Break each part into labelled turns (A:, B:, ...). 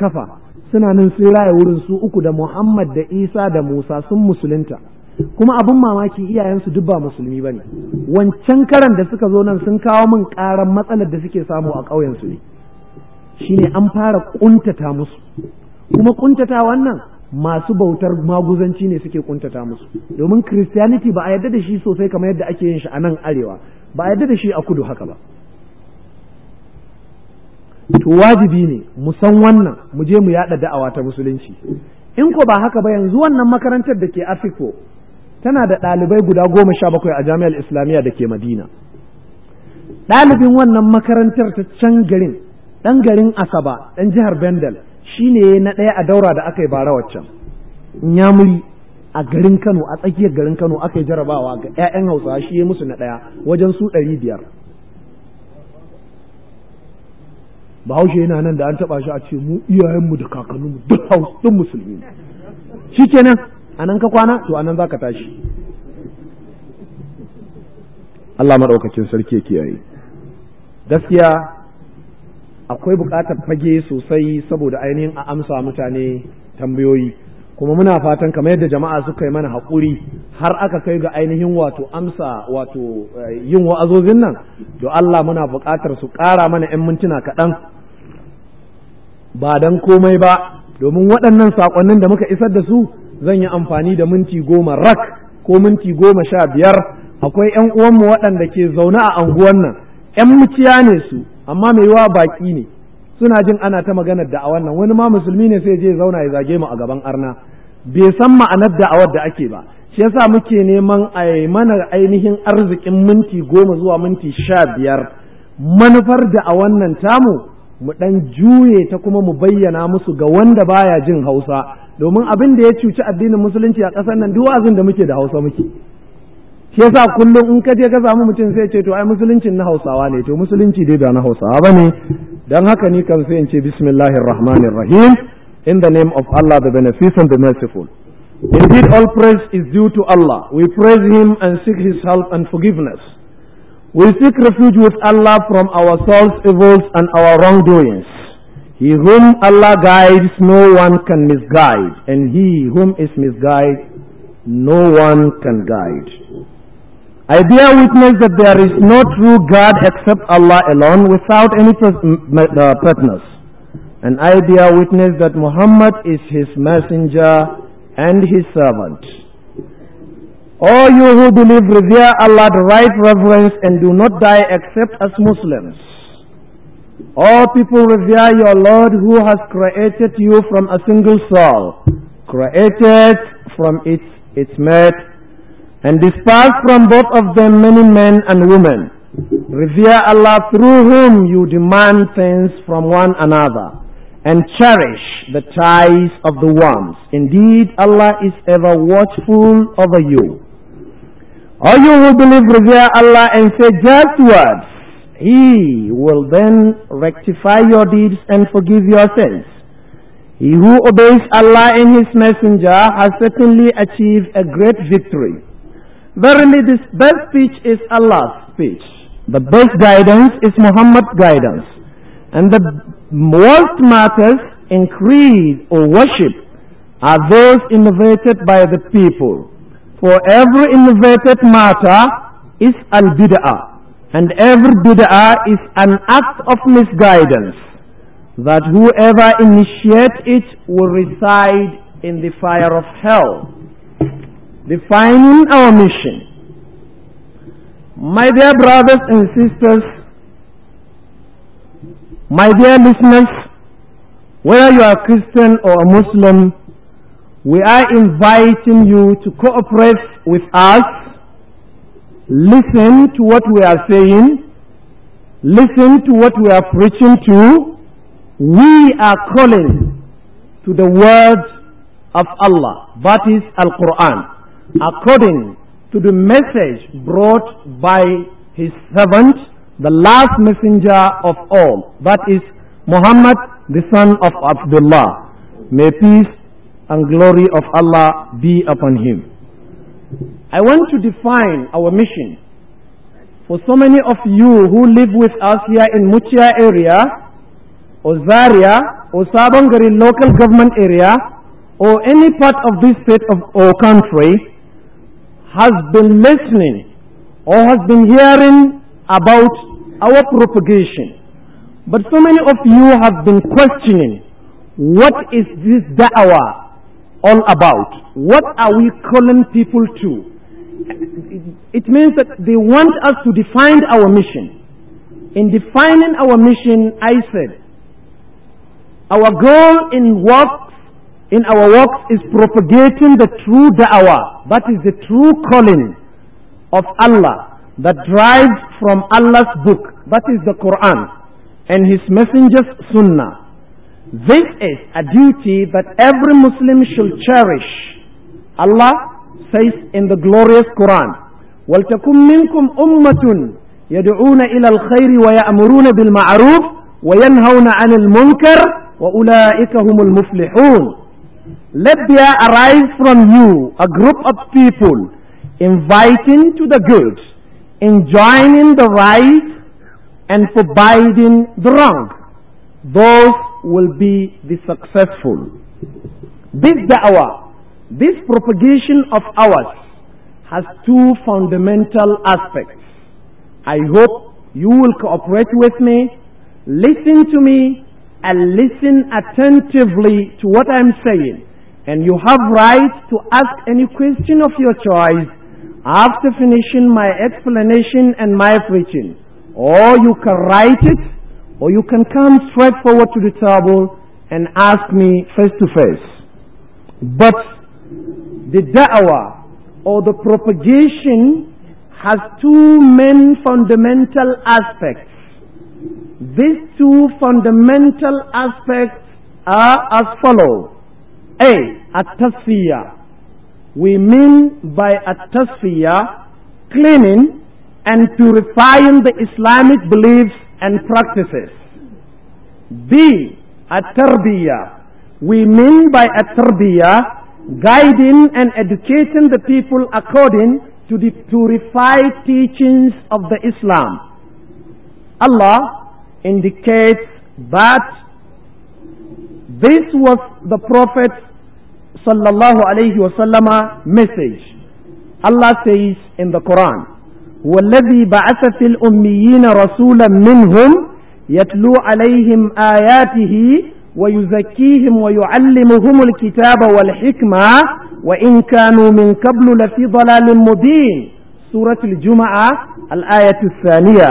A: kafa suna nan sun raya wurin su uku da Muhammad da Isa da Musa sun musulunta kuma abin mamaki iyayensu duk ba musulmi bane wancan karan da suka zo nan sun kawo min karan matsalar da suke samu a ƙauyen su ne shine an fara kuntata musu kuma kuntata wannan masu bautar maguzanci ne suke kuntata musu domin christianity ba a yadda da shi sosai kamar yadda ake yin shi a nan arewa ba a yadda da shi a kudu haka ba to wajibi ne mu san wannan mu je mu yada da'awa ta musulunci in ko ba haka ba yanzu wannan makarantar da ke afiko tana da ɗalibai guda goma sha bakwai a jami'ar islamiyya da ke madina ɗalibin wannan makarantar ta can garin ɗan garin asaba ɗan jihar bendel shine na ɗaya a daura da aka yi bara waccan nyamuri a garin kano a tsakiyar garin kano aka yi jarabawa ga 'ya'yan hausawa shi ya musu na ɗaya wajen su ɗari biyar bahaushe yana nan da an taba shi a ce mu iyayenmu da kakanninmu duk hausin musulmi a nan ka kwana to za ka tashi
B: Allah maɗaukacin sarki ya kiyaye
A: gaskiya akwai buƙatar fage sosai saboda ainihin a amsa mutane tambayoyi kuma muna fatan kamar yadda jama'a suka yi mana haƙuri har aka kai ga ainihin wato amsa wato eh, yin wa'azozin nan to Allah muna buƙatar su ƙara mana 'yan mintuna kaɗan ba don komai ba domin waɗannan saƙonnin da muka isar da su zan yi amfani da minti goma rak ko minti goma sha biyar akwai ‘yan uwanmu waɗanda ke zaune a anguwan nan ‘yan muciya ne su amma mai yiwa baƙi ne suna jin ana ta maganar a wannan, wani ma musulmi ne sai je zauna ya zage mu a gaban arna bai san ma'anar da awar da ake ba shi yasa muke neman a mana ainihin arzikin minti goma zuwa minti sha biyar manufar da a wannan tamu mu ɗan juye ta kuma mu bayyana musu ga wanda baya jin hausa domin abin da ya cuci addinin musulunci a ƙasar nan duk da muke da hausa muke shi yasa kullum in ka je ka samu mutum sai ce to ai musuluncin na hausawa ne to musulunci dai ba na hausawa ba ne don haka ni kan sai in ce bismillahir rahmanir rahim in the name of Allah the beneficent the merciful indeed all praise is due to Allah we praise him and seek his help and forgiveness We seek refuge with Allah from ourselves, evils and our wrongdoings. He whom Allah guides, no one can misguide, and he whom is misguided, no one can guide. I bear witness that there is no true God except Allah alone without any uh, partners. And I bear witness that Muhammad is his messenger and his servant. All you who believe, revere Allah the right reverence and do not die except as Muslims. All people revere your Lord who has created you from a single soul, created from its, its mate, and dispersed from both of them many men and women. Revere Allah through whom you demand things from one another and cherish the ties of the ones. Indeed, Allah is ever watchful over you. Or you who believe revere Allah and say just words, He will then rectify your deeds and forgive your sins. He who obeys Allah and His Messenger has certainly achieved a great victory. Verily this best speech is Allah's speech. The best guidance is Muhammad's guidance. And the worst matters in creed or worship are those innovated by the people. For every innovated matter is al bid'ah, and every bid'ah is an act of misguidance that whoever initiates it will reside in the fire of hell. Defining our mission. My dear brothers and sisters, my dear listeners, whether you are Christian or a Muslim, we are inviting you to cooperate with us, listen to what we are saying, listen to what we are preaching to. We are calling to the words of Allah, that is Al-Quran, according to the message brought by His servant, the last messenger of all, that is Muhammad, the son of Abdullah. May peace and glory of Allah be upon him. I want to define our mission. For so many of you who live with us here in Muchia area, or Zaria, or Sabangari local government area, or any part of this state of, or country, has been listening or has been hearing about our propagation. But so many of you have been questioning what is this da'wah all about? What are we calling people to? It means that they want us to define our mission. In defining our mission, I said, our goal in works, in our works is propagating the true da'wah. That is the true calling of Allah that drives from Allah's book. That is the Quran and His messenger's sunnah. This is a duty that every Muslim should cherish. Allah says in the glorious Quran, وَلْتَكُمْ مِنْكُمْ أُمَّةٌ يَدْعُونَ إِلَى الْخَيْرِ وَيَأْمُرُونَ بِالْمَعْرُوفِ وَيَنْهَوْنَ عَنِ الْمُنْكَرِ وَأُولَٰئِكَ هُمُ الْمُفْلِحُونَ Let there arise from you a group of people inviting to the good, enjoining the right, and forbidding the wrong. Those will be the successful. This da'wah, this propagation of ours has two fundamental aspects. I hope you will cooperate with me, listen to me, and listen attentively to what I'm saying. And you have right to ask any question of your choice after finishing my explanation and my preaching. Or you can write it or you can come straight forward to the table and ask me face to face. But the da'wah or the propagation has two main fundamental aspects. These two fundamental aspects are as follow. A. At-tasfiyah. We mean by at-tasfiyah cleaning and purifying the Islamic beliefs and practices. B. At-tarbiyah. We mean by at-tarbiyah guiding and educating the people according to the purified teachings of the Islam. Allah indicates that this was the Prophet's sallallahu alayhi wasallama message. Allah says in the Quran, والذي بعث في الأميين رسولا منهم يتلو عليهم آياته ويزكيهم ويعلمهم الكتاب والحكمة وإن كانوا من قبل لفي ضلال مبين سورة الجمعة الآية الثانية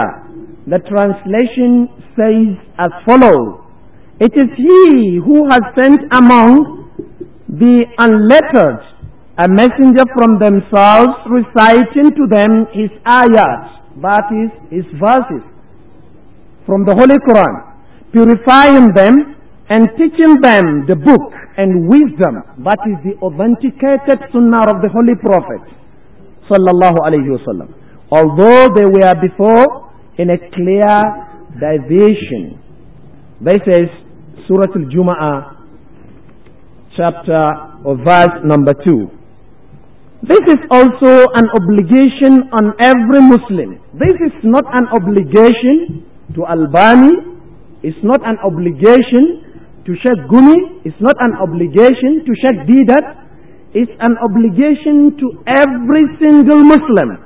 A: The translation says as follows It is he who has sent among the unlettered a messenger from themselves reciting to them his ayat, that is, his verses from the Holy Quran, purifying them and teaching them the book and wisdom, that is the authenticated sunnah of the Holy Prophet, sallallahu alayhi wasallam. Although they were before in a clear deviation. This is Surah al juma chapter or verse number 2. This is also an obligation on every Muslim. This is not an obligation to Albani. It's not an obligation to Sheikh Gumi. It's not an obligation to Sheikh Didat. It's an obligation to every single Muslim.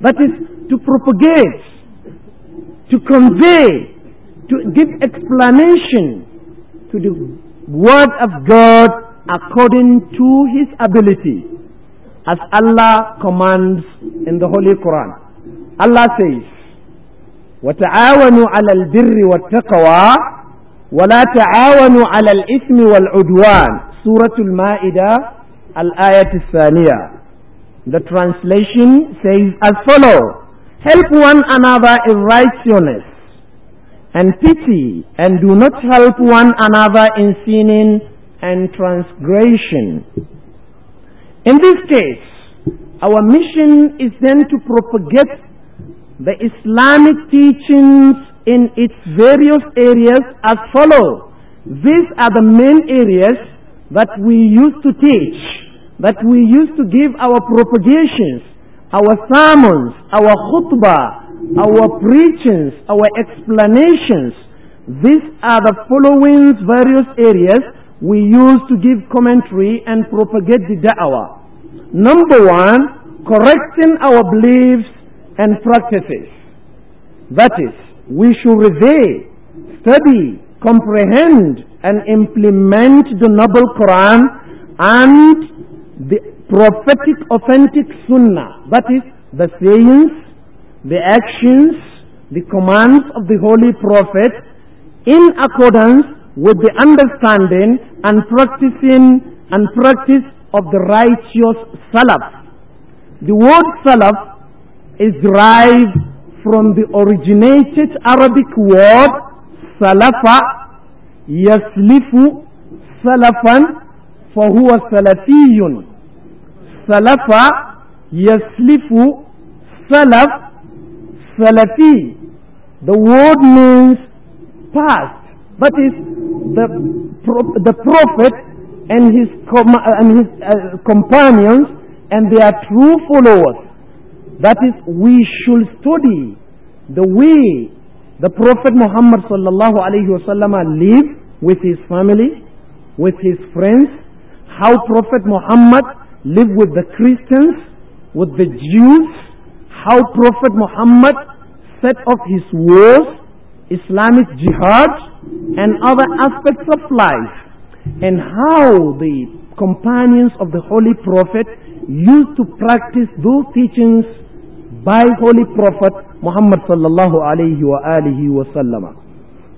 A: That is to propagate, to convey, to give explanation to the word of God according to his ability. as Allah commands in the Holy Quran. Allah says, وتعاونوا على البر والتقوى ولا تعاونوا على الإثم والعدوان سورة المائدة الآية الثانية The translation says as follow Help one another in righteousness and pity and do not help one another in sinning and transgression In this case, our mission is then to propagate the Islamic teachings in its various areas as follows. These are the main areas that we used to teach, that we used to give our propagations, our sermons, our khutbah, our preachings, our explanations. These are the following various areas we used to give commentary and propagate the da'wah. Number one, correcting our beliefs and practices. That is, we should revere, study, comprehend, and implement the Noble Quran and the prophetic authentic Sunnah. That is, the sayings, the actions, the commands of the Holy Prophet in accordance with the understanding and practicing and practice of the righteous Salaf. The word Salaf is derived from the originated Arabic word Salafa, Yaslifu, Salafan, فهو سلفي Salafa, يسلف Salaf, سلفي the word means past but is the the prophet and his, com uh, and his uh, companions and their true followers. That is, we should study the way the Prophet Muhammad lived with his family, with his friends, how Prophet Muhammad lived with the Christians, with the Jews, how Prophet Muhammad set up his wars, Islamic jihad, and other aspects of life and how the companions of the Holy Prophet used to practice those teachings by Holy Prophet Muhammad sallallahu alayhi wa alihi wa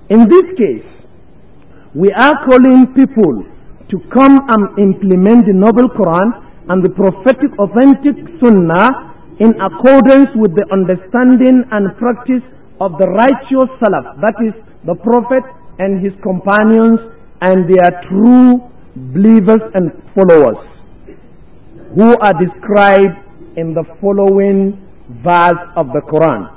A: In this case, we are calling people to come and implement the Noble Quran and the prophetic authentic Sunnah in accordance with the understanding and practice of the righteous Salaf, that is, the Prophet and his companions and they are true believers and followers who are described in the following verse of the Quran.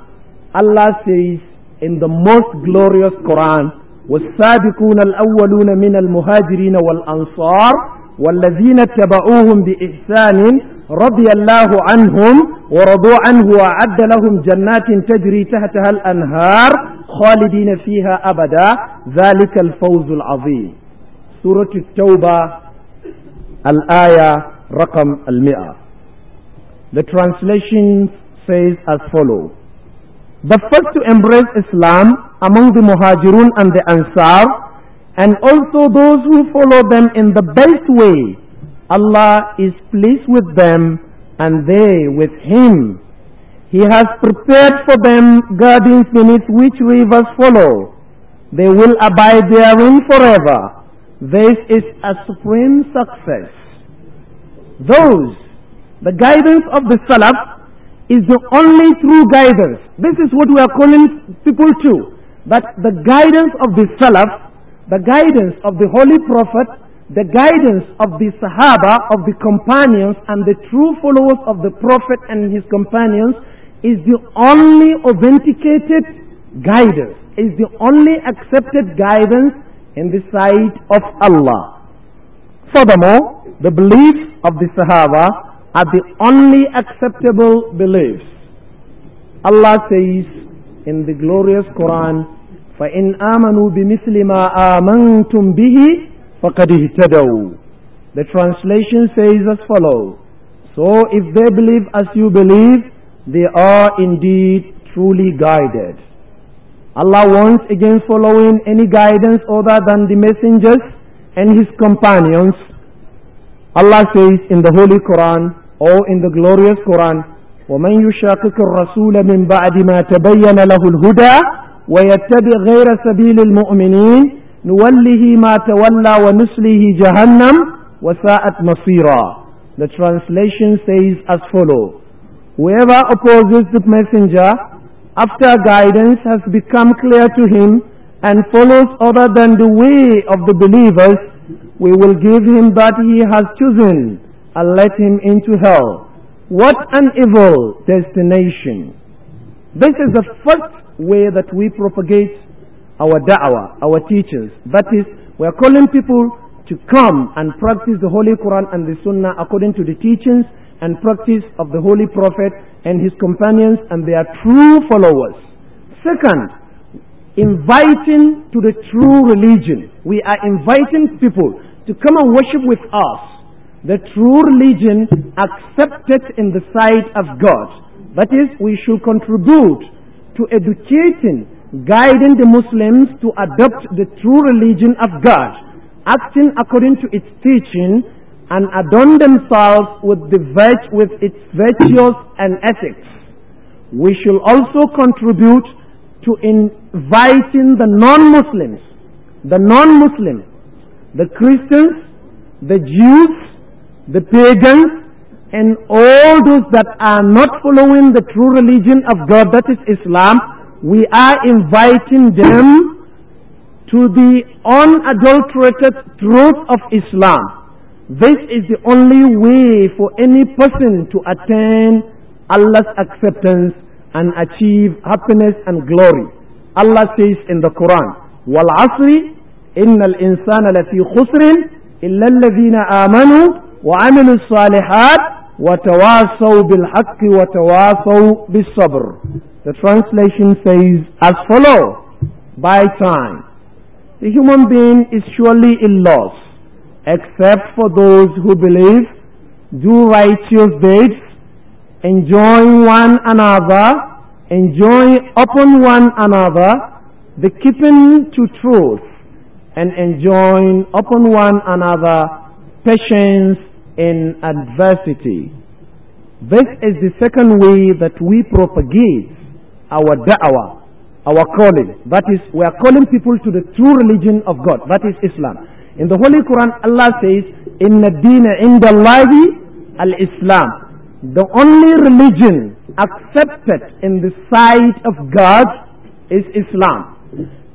A: Allah says in the most glorious Quran, والسابقون الأولون من المهاجرين والأنصار والذين اتبعوهم بإحسان رضي الله عنهم ورضوا عنه وأعد لهم جنات تجري تحتها الأنهار خالدين فيها أبدا ذلك الفوز العظيم سورة التوبة الآية رقم المئة The translation says as follows The first to embrace Islam among the Muhajirun and the Ansar and also those who follow them in the best way Allah is pleased with them and they with him. He has prepared for them gardens beneath which rivers follow. They will abide therein forever. This is a supreme success. Those, the guidance of the Salaf is the only true guidance. This is what we are calling people to. That the guidance of the Salaf, the guidance of the Holy Prophet the guidance of the Sahaba, of the companions, and the true followers of the Prophet and his companions is the only authenticated guidance, is the only accepted guidance in the sight of Allah. Furthermore, the beliefs of the Sahaba are the only acceptable beliefs. Allah says in the glorious Quran, فَإِنْ آمَنُوا بِمِثْلِ مَا آمَنْتُمْ بِهِ فَقَدْ اهْتَدَوْا The translation says as follows, So if they believe as you believe, they are indeed truly guided. Allah warns against following any guidance other than the messengers and his companions. Allah says in the Holy Quran or in the glorious Quran, وَمَنْ يُشَاقِقِ الرَّسُولَ مِنْ بَعْدِ مَا تَبَيَّنَ لَهُ الْهُدَى وَيَتَّبِعْ غَيْرَ سَبِيلِ الْمُؤْمِنِينَ نوله ما تولى jahannam جهنم وساءت مصيرا The translation says as follows Whoever opposes the messenger after guidance has become clear to him and follows other than the way of the believers, we will give him that he has chosen and let him into hell. What an evil destination! This is the first way that we propagate our da'wah, our teachers. That is, we are calling people to come and practice the Holy Quran and the Sunnah according to the teachings and practice of the Holy Prophet and his companions and their true followers. Second, inviting to the true religion. We are inviting people to come and worship with us the true religion accepted in the sight of God. That is, we should contribute to educating guiding the Muslims to adopt the true religion of God, acting according to its teaching, and adorn themselves with, the virt- with its virtues and ethics. We shall also contribute to inviting the non-Muslims, the non-Muslim, the Christians, the Jews, the pagans, and all those that are not following the true religion of God, that is Islam, we are inviting them to the unadulterated truth of Islam. This is the only way for any person to attain Allah's acceptance and achieve happiness and glory. Allah says in the Quran, وَالْعَصْرِ إِنَّ الْإِنسَانَ لَفِي خُسْرٍ إِلَّا الَّذِينَ آمَنُوا وَعَمِلُوا الصَّالِحَاتِ وَتَوَاصَوْا بِالْحَقِّ وَتَوَاصَوْا بِالصَّبْرِ the translation says as follow, by time. The human being is surely in loss, except for those who believe, do righteous deeds, enjoy one another, enjoy upon one another, the keeping to truth, and enjoy upon one another patience in adversity. This is the second way that we propagate our da'wah, our calling. That is, we are calling people to the true religion of God. That is Islam. In the Holy Quran, Allah says, "In the deen indallahi al-Islam." The only religion accepted in the sight of God is Islam.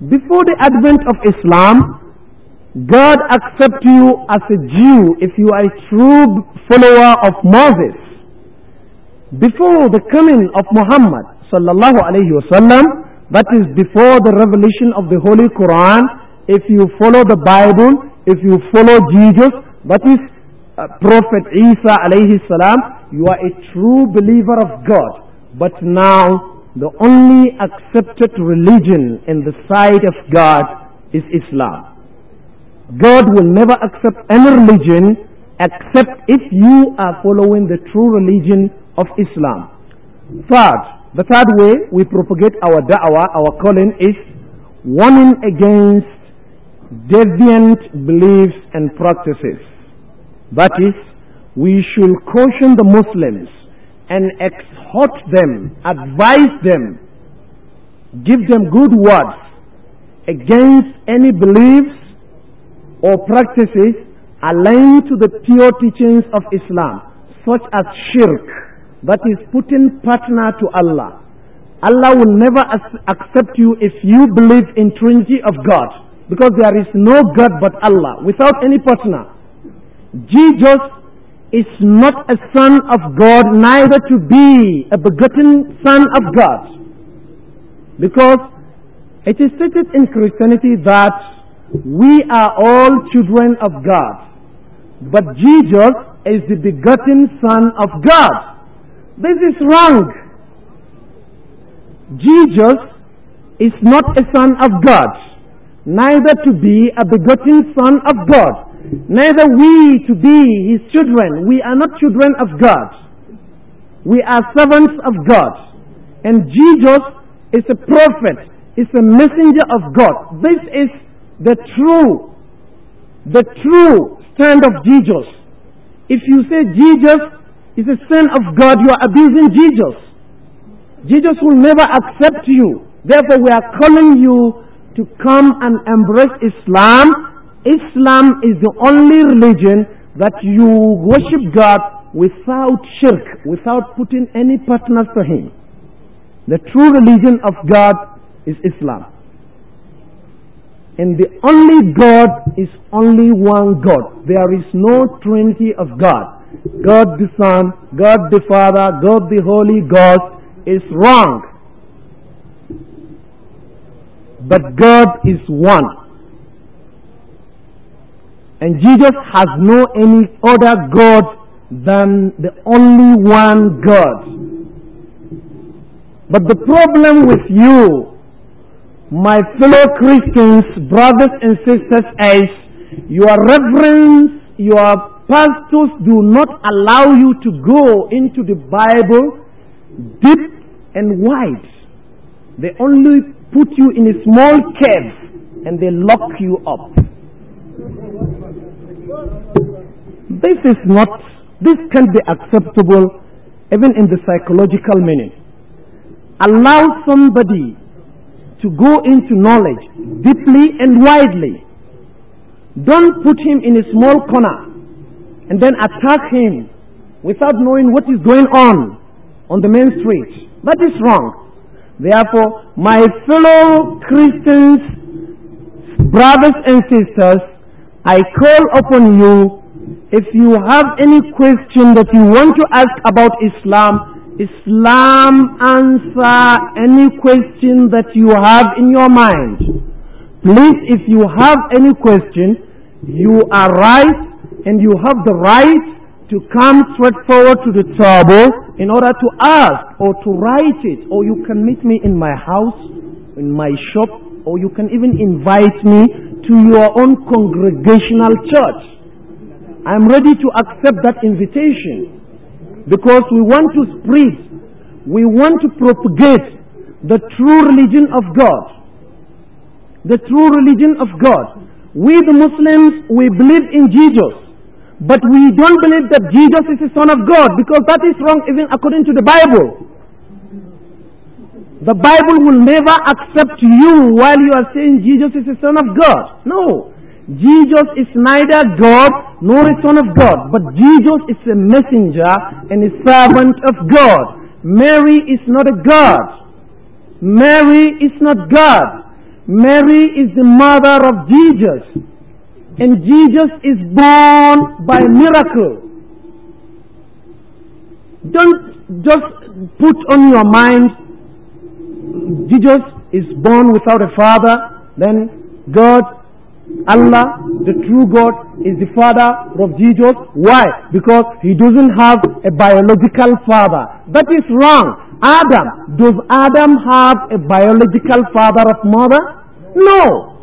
A: Before the advent of Islam, God accepts you as a Jew if you are a true follower of Moses. Before the coming of Muhammad, sallallahu alayhi wasallam, that is before the revelation of the Holy Quran, if you follow the Bible, if you follow Jesus, that is uh, Prophet Isa alayhi salam, you are a true believer of God. But now, the only accepted religion in the sight of God is Islam. God will never accept any religion except if you are following the true religion of Islam. Third, The third way we propagate our da'wah, our calling is warning against deviant beliefs and practices. That is, we should caution the Muslims and exhort them, advise them, give them good words against any beliefs or practices aligned to the pure teachings of Islam, such as shirk, That is putting partner to Allah. Allah will never accept you if you believe in Trinity of God. Because there is no God but Allah without any partner. Jesus is not a son of God, neither to be a begotten son of God. Because it is stated in Christianity that we are all children of God. But Jesus is the begotten son of God. This is wrong. Jesus is not a son of God, neither to be a begotten son of God, neither we to be his children. We are not children of God. We are servants of God. And Jesus is a prophet, is a messenger of God. This is the true, the true stand of Jesus. If you say Jesus it's a sin of God. You are abusing Jesus. Jesus will never accept you. Therefore, we are calling you to come and embrace Islam. Islam is the only religion that you worship God without shirk, without putting any partners to Him. The true religion of God is Islam. And the only God is only one God. There is no trinity of God. God the Son, God the Father, God the Holy Ghost is wrong. But God is one. And Jesus has no any other God than the only one God. But the problem with you, my fellow Christians, brothers and sisters, is your reverence, your pastors do not allow you to go into the Bible deep and wide. They only put you in a small cave and they lock you up. This is not, this can be acceptable even in the psychological meaning. Allow somebody to go into knowledge deeply and widely. Don't put him in a small corner and then attack him without knowing what is going on on the main street. That is wrong. Therefore, my fellow Christians, brothers and sisters, I call upon you, if you have any question that you want to ask about Islam, Islam answer any question that you have in your mind. Please, if you have any question, you are right and you have the right to come straight forward to the table in order to ask or to write it, or you can meet me in my house, in my shop, or you can even invite me to your own congregational church. I'm ready to accept that invitation because we want to spread, we want to propagate the true religion of God. The true religion of God. We the Muslims, we believe in Jesus. But we don't believe that Jesus is the Son of God because that is wrong even according to the Bible. The Bible will never accept you while you are saying Jesus is the Son of God. No. Jesus is neither God nor a Son of God, but Jesus is a messenger and a servant of God. Mary is not a God. Mary is not God. Mary is the mother of Jesus. And Jesus is born by miracle. Don't just put on your mind, Jesus is born without a father, then God, Allah, the true God, is the father of Jesus. Why? Because he doesn't have a biological father. That is wrong. Adam, does Adam have a biological father of mother? No.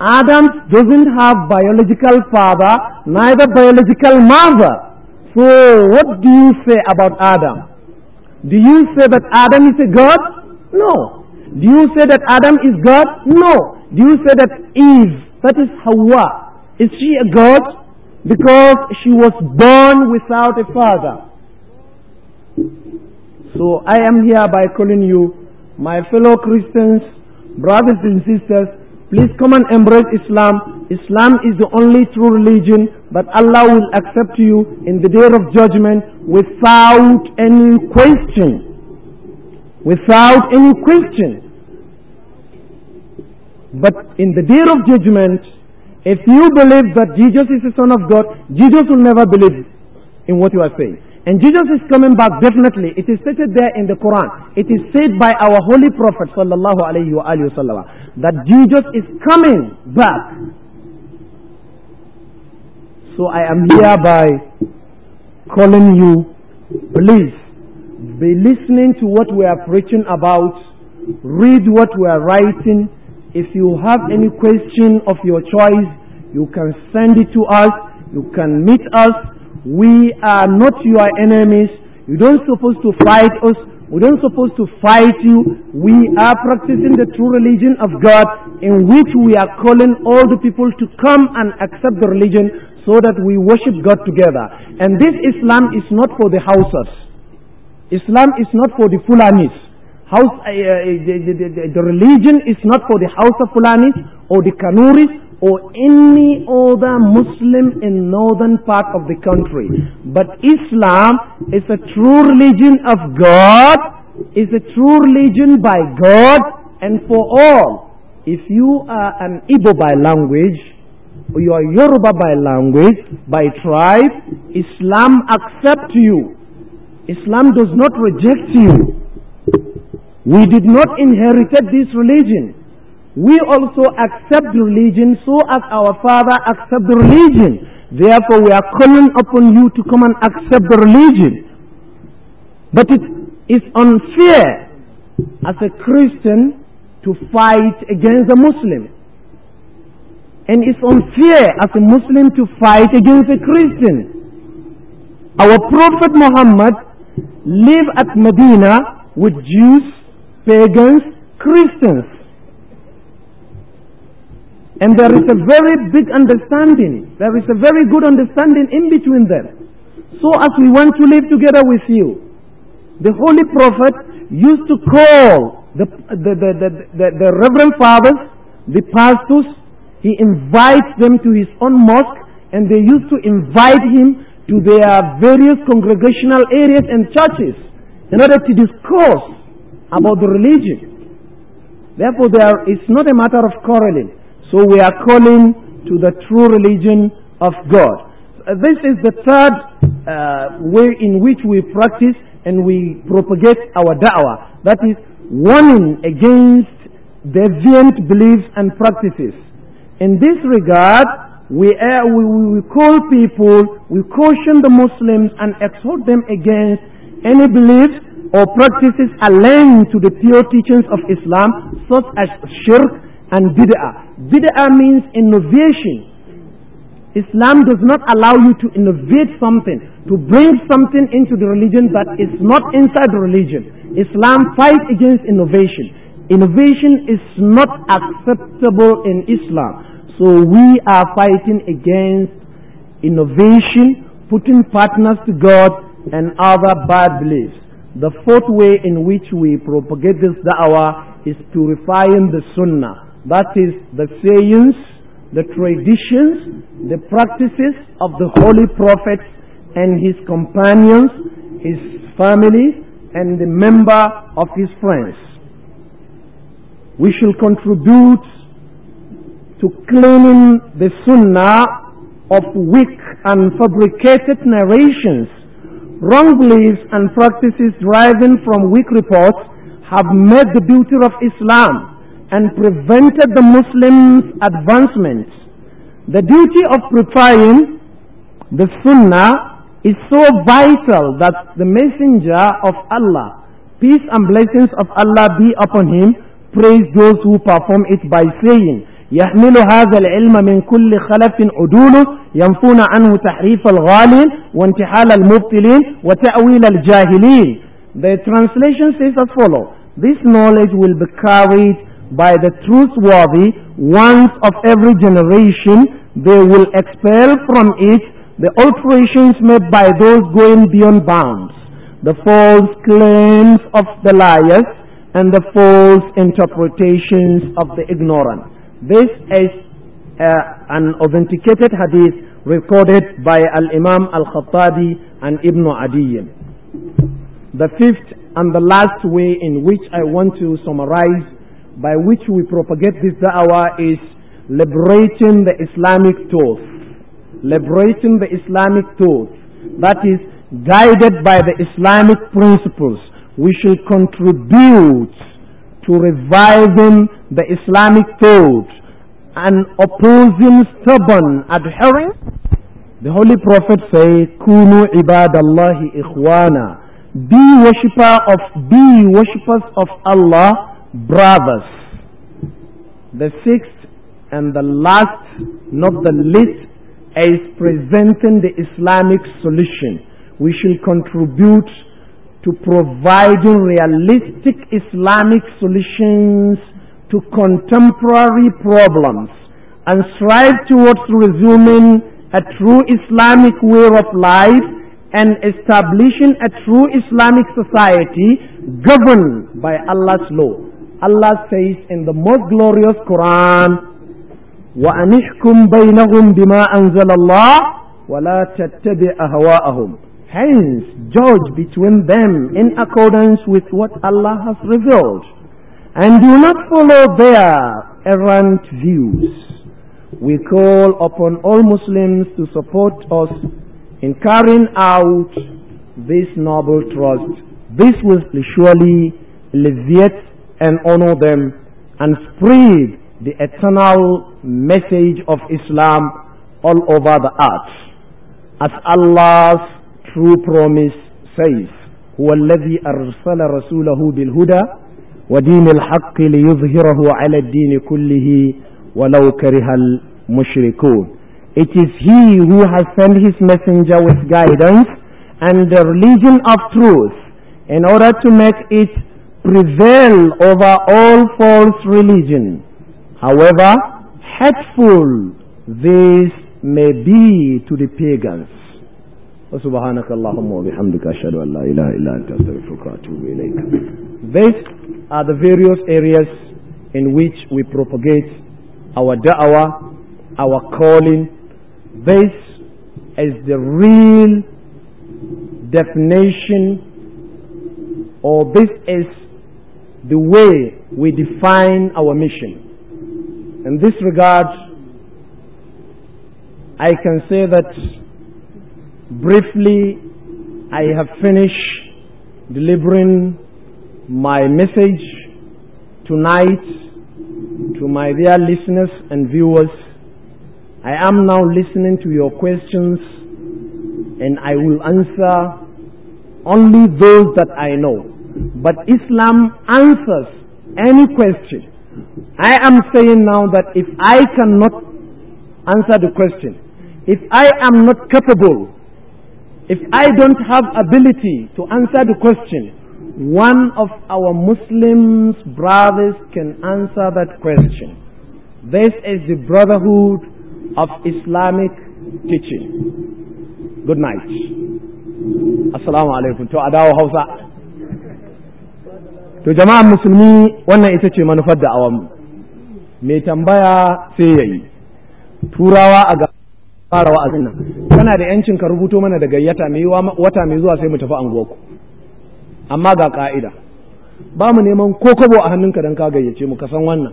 A: Adam doesn't have biological father, neither biological mother. So what do you say about Adam? Do you say that Adam is a God? No. Do you say that Adam is God? No. Do you say that Eve, that is Hawa, is she a God? Because she was born without a father. So I am here by calling you, my fellow Christians, brothers and sisters, Please come and embrace Islam. Islam is the only true religion, but Allah will accept you in the day of judgment without any question. Without any question. But in the day of judgment, if you believe that Jesus is the Son of God, Jesus will never believe in what you are saying. And Jesus is coming back definitely. It is stated there in the Quran. It is said by our holy prophet sallallahu alayhi wa that Jesus is coming back. So I am hereby calling you, please be listening to what we are preaching about, read what we are writing. If you have any question of your choice, you can send it to us, you can meet us. We are not your enemies. You don't supposed to fight us. We don't supposed to fight you. We are practicing the true religion of God in which we are calling all the people to come and accept the religion so that we worship God together. And this Islam is not for the Hausas. Islam is not for the Fulanis. House, uh, uh the, the, the, the, religion is not for the house of Fulanis or the Kanuris or any other Muslim in northern part of the country. But Islam is a true religion of God, is a true religion by God and for all. If you are an Igbo by language, or you are Yoruba by language, by tribe, Islam accepts you. Islam does not reject you. We did not inherit this religion. We also accept religion so as our father accepts the religion. Therefore, we are calling upon you to come and accept the religion. But it is unfair as a Christian to fight against a Muslim. And it's unfair as a Muslim to fight against a Christian. Our Prophet Muhammad lived at Medina with Jews, pagans, Christians. And there is a very big understanding. There is a very good understanding in between them. So as we want to live together with you, the Holy Prophet used to call the, the, the, the, the Reverend Fathers, the pastors, he invites them to his own mosque and they used to invite him to their various congregational areas and churches in order to discourse about the religion. Therefore, there is not a matter of quarreling. So we are calling to the true religion of God. Uh, this is the third uh, way in which we practice and we propagate our da'wah. That is warning against deviant beliefs and practices. In this regard, we, uh, we, we call people, we caution the Muslims and exhort them against any beliefs or practices aligned to the pure teachings of Islam, such as shirk and bid'ah. Bid'ah means innovation. Islam does not allow you to innovate something, to bring something into the religion that is not inside the religion. Islam fights against innovation. Innovation is not acceptable in Islam. So we are fighting against innovation, putting partners to God, and other bad beliefs. The fourth way in which we propagate this da'wah is purifying the sunnah that is the sayings, the traditions, the practices of the holy Prophet and his companions, his family, and the member of his friends. We shall contribute to cleaning the sunnah of weak and fabricated narrations. Wrong beliefs and practices deriving from weak reports have made the beauty of Islam and prevented the Muslims' advancement. The duty of preparing the Sunnah is so vital that the Messenger of Allah, peace and blessings of Allah be upon him, praise those who perform it by saying, يحمل هذا العلم من كل خلف عدول ينفون عنه تحريف الغالين وانتحال المبطلين وتأويل الجاهلين The translation says as follows, This knowledge will be carried by the truthworthy ones of every generation, they will expel from it the alterations made by those going beyond bounds, the false claims of the liars, and the false interpretations of the ignorant. This is uh, an authenticated hadith recorded by Al-Imam Al-Khattabi and Ibn Adiyy. The fifth and the last way in which I want to summarize by which we propagate this da'wah is liberating the Islamic thought. Liberating the Islamic thought. That is, guided by the Islamic principles, we should contribute to reviving the Islamic thought and opposing stubborn adherents. The Holy Prophet says, Kunu ibadallahi ikhwana. Be worshipper of, be worshippers of Allah brothers. The sixth and the last, not the least, is presenting the Islamic solution. We shall contribute to providing realistic Islamic solutions to contemporary problems and strive towards resuming a true Islamic way of life and establishing a true Islamic society governed by Allah's law. Allah says in the most glorious Quran, وَأَنِحْكُمْ بَيْنَهُمْ بِمَا أَنزَلَ اللَّهُ وَلَا تَتَّبِعْ أَهْوَاءَهُمْ Hence, judge between them in accordance with what Allah has revealed. And do not follow their errant views. We call upon all Muslims to support us in carrying out this noble trust. This will surely alleviate and honor them and spread the eternal message of Islam all over the earth. As Allah's true promise says, هو الذي أرسل رسوله بالهدى ودين الحق ليظهره على الدين كله ولو كره المشركون. It is he who has sent his messenger with guidance and the religion of truth in order to make it prevail over all false religion, however hateful these may be to the pagans. وسبحانك اللهم وبحمدك أشهد أن
B: لا إله إلا أنت أستغفرك وأتوب إليك.
A: These are the various areas in which we propagate our da'wah, our calling. This is the real definition or this is the way we define our mission. In this regard, I can say that briefly I have finished delivering my message tonight to my dear listeners and viewers. I am now listening to your questions and I will answer only those that I know. But Islam answers any question. I am saying now that if I cannot answer the question, if I am not capable, if I don't have ability to answer the question, one of our Muslims brothers can answer that question. This is the brotherhood of Islamic teaching. Good night. Assalamu alaikum. To Adawa Hausa. to jama'an musulmi wannan ita ce manufar da awam mai tambaya sai ya yi turawa a ga fara wa'azin nan kana da yancin ka rubuto mana da gayyata mai wata mai zuwa sai mu tafi anguwarku amma ga ka'ida ba mu neman ko kobo a hannunka don ka gayyace mu ka san wannan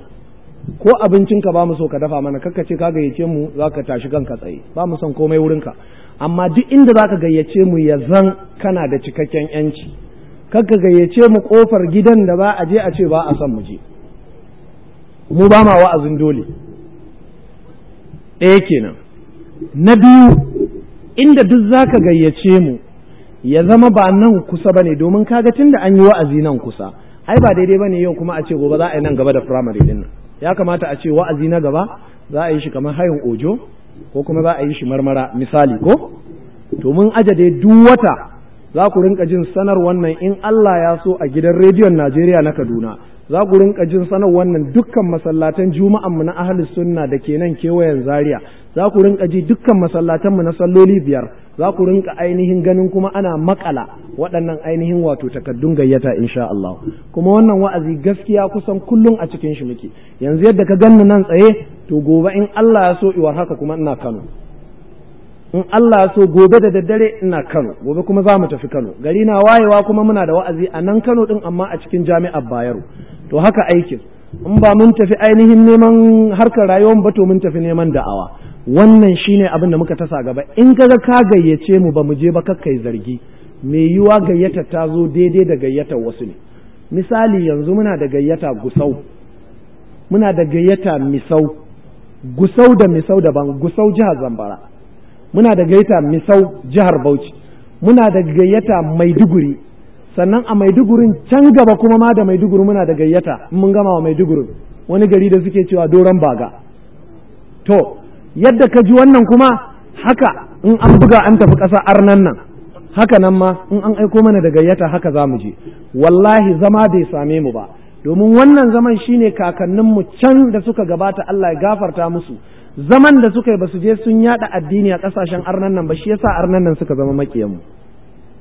A: ko abincinka ba mu so ka dafa mana kakka ce ka gayyace mu za ka tashi kanka tsaye ba mu son komai wurinka amma duk inda za ka gayyace mu ya zan kana da cikakken yanci kakka gayyace mu kofar gidan da ba a je a ce ba a son mu je mu ba ma wa'azin dole ɗaya kenan na biyu inda duk za ka gayyace mu ya zama ba nan kusa ba ne domin kaga tun da an yi wa'azi nan kusa ai ba daidai ba ne yau kuma a ce gobe za a yi nan gaba da firamare din ya kamata a ce wa'azi na gaba za a yi shi kamar hayin ojo ko kuma za a yi shi marmara misali ko to mun aje dai duk wata za ku rinka jin sanar wannan in Allah ya so a gidan rediyon Najeriya na Kaduna za ku rinka jin sanar wannan dukkan masallatan juma'an mu na ahli sunna da ke nan kewayen Zaria za ku rinka ji dukkan masallatan mu na salloli biyar za ku rinka ainihin ganin kuma ana makala waɗannan ainihin wato takaddun gayyata insha Allah kuma wannan wa'azi gaskiya kusan kullum a cikin shi muke yanzu yadda ka ganni nan tsaye to gobe in Allah ya so iwar haka kuma ina Kano in Allah so gobe da daddare ina Kano gobe kuma za mu tafi Kano gari na wayewa kuma muna da wa'azi a nan Kano din amma a cikin jami'ar Bayero to haka aikin in ba mun tafi ainihin neman harkar rayuwar ba to mun tafi neman da'awa wannan shine abin da muka tasa gaba in kaga ka gayyace mu ba mu je ba kakkai zargi me yiwa gayyata ta zo daidai da gayyatar wasu ne misali yanzu muna da gayyata gusau muna da gayyata misau gusau da misau daban gusau jihar zambara. muna da gaita misau jihar bauchi muna da gayyata maiduguri sannan a maidugurin can gaba kuma ma da maiduguri muna da gayyata mun gama wa maiduguri wani gari da suke cewa doron baga to yadda ka ji wannan kuma haka in an buga an tafi ƙasa arnan nan haka nan ma in an aiko mana da gayyata haka za mu je wallahi zama bai same mu ba domin wannan zaman shine kakanninmu can da suka gabata Allah ya gafarta musu zaman da suka yi ba su je sun yada addini a kasashen arnan nan ba shi yasa arnan nan suka zama maƙiyamu.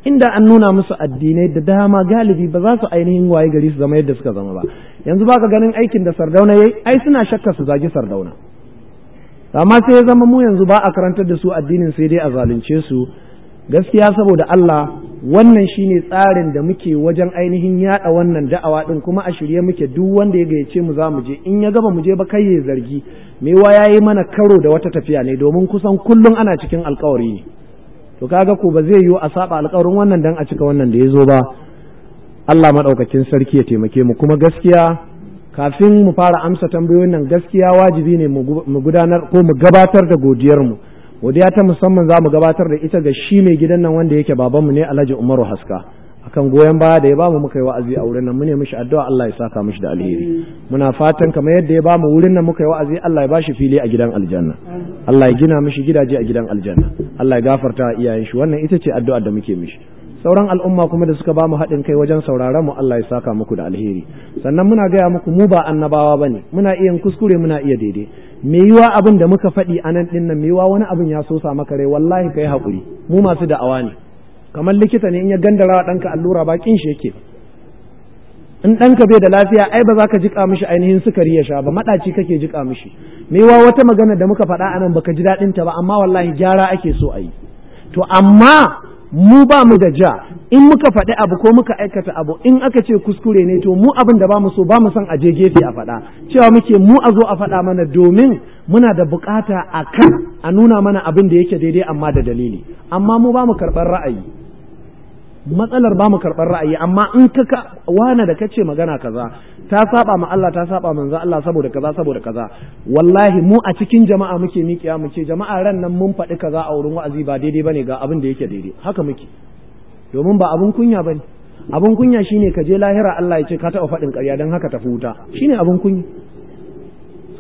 A: inda an nuna musu addinai da dama galibi ba za su ainihin waye gari su zama yadda suka zama ba yanzu baka ganin aikin da sardauna yayi ai suna shakka su zagi sardauna amma sai ya zama mu yanzu ba a karantar da su addinin sai dai a zalunce su gaskiya saboda Allah wannan shine tsarin da muke wajen ainihin yada wannan da'awa din kuma a shirye muke duk wanda ya gayyace mu za mu je in ya gaba mu je ba kai ya zargi mewa ya yi mana karo da wata tafiya ne domin kusan kullum ana cikin alkawari ne to kaga ko ba zai yiwu a saba alkawarin wannan dan a cika wannan da ya zo ba Allah maɗaukakin sarki ya taimake mu kuma gaskiya kafin mu fara amsa tambayoyin nan gaskiya wajibi ne mu gudanar ko mu gabatar da godiyar mu godiya ta musamman za mu gabatar da ita ga shi mai gidan nan wanda yake babanmu ne Alhaji Umaru Haska akan goyon baya da ya bamu muka yi wa'azi a wurin nan mu ne mishi addu'a Allah ya saka mishi da alheri muna fatan kamar yadda ya bamu wurin nan muka yi wa'azi Allah ya bashi fili a gidan aljanna Allah ya gina mishi gidaje a gidan aljanna Allah ya gafarta iyayen shi wannan ita ce addu'a da muke mishi sauran al'umma kuma da suka bamu haɗin kai wajen sauraron mu Allah ya saka muku da alheri sannan muna gaya muku mu ba annabawa bane muna iya kuskure muna iya daidai me yiwa abin da muka faɗi anan ɗin nan me yiwa wani abin ya sosa maka rai wallahi kai hakuri mu masu da'awa ne kamar likita ne in ya gandara wa ɗanka allura ba kin shi yake in ɗanka bai da lafiya ai ba za ka jiƙa mishi ainihin sukari ya sha ba maɗaci kake jiƙa mishi mewa wata magana da muka faɗa anan baka ji daɗin ta ba amma wallahi gyara ake so a yi to amma mu ba mu da ja in muka faɗi abu ko muka aikata abu in aka ce kuskure ne to mu abin da ba mu so ba mu son a je gefe a faɗa cewa muke mu a zo a faɗa mana domin muna da bukata a kan a nuna mana abin da yake daidai amma da dalili amma mu ba mu karɓar ra'ayi matsalar ba mu karɓar ra'ayi amma in ka wane da kace magana kaza ta saba ma Allah ta saba manzo Allah saboda kaza saboda kaza wallahi mu a cikin jama'a muke miƙiya muke jama'a ran nan mun faɗi kaza a wurin wa'azi ba daidai bane ga abin da yake daidai haka muke domin ba abun kunya bane Abun kunya shine ka je lahira Allah ya ce ka taɓa faɗin ƙarya don haka tafi wuta shine abun kunya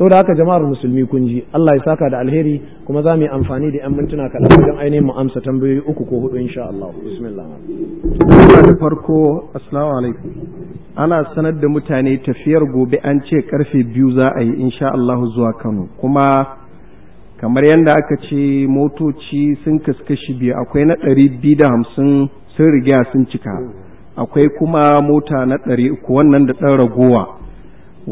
A: da haka jama'ar musulmi kun ji Allah ya saka da alheri kuma za mu yi amfani
B: da yan mintuna kaɗan wajen ainihin mu amsa tambayoyi uku ko hudu insha Allah bismillah da farko assalamu alaikum ana sanar da mutane tafiyar gobe an ce karfe biyu za a yi insha Allah zuwa Kano kuma kamar yadda aka ce motoci sun kaskashi biyu akwai na ɗari biyu da hamsin sun riga sun cika akwai kuma mota na ɗari uku wannan da ɗan ragowa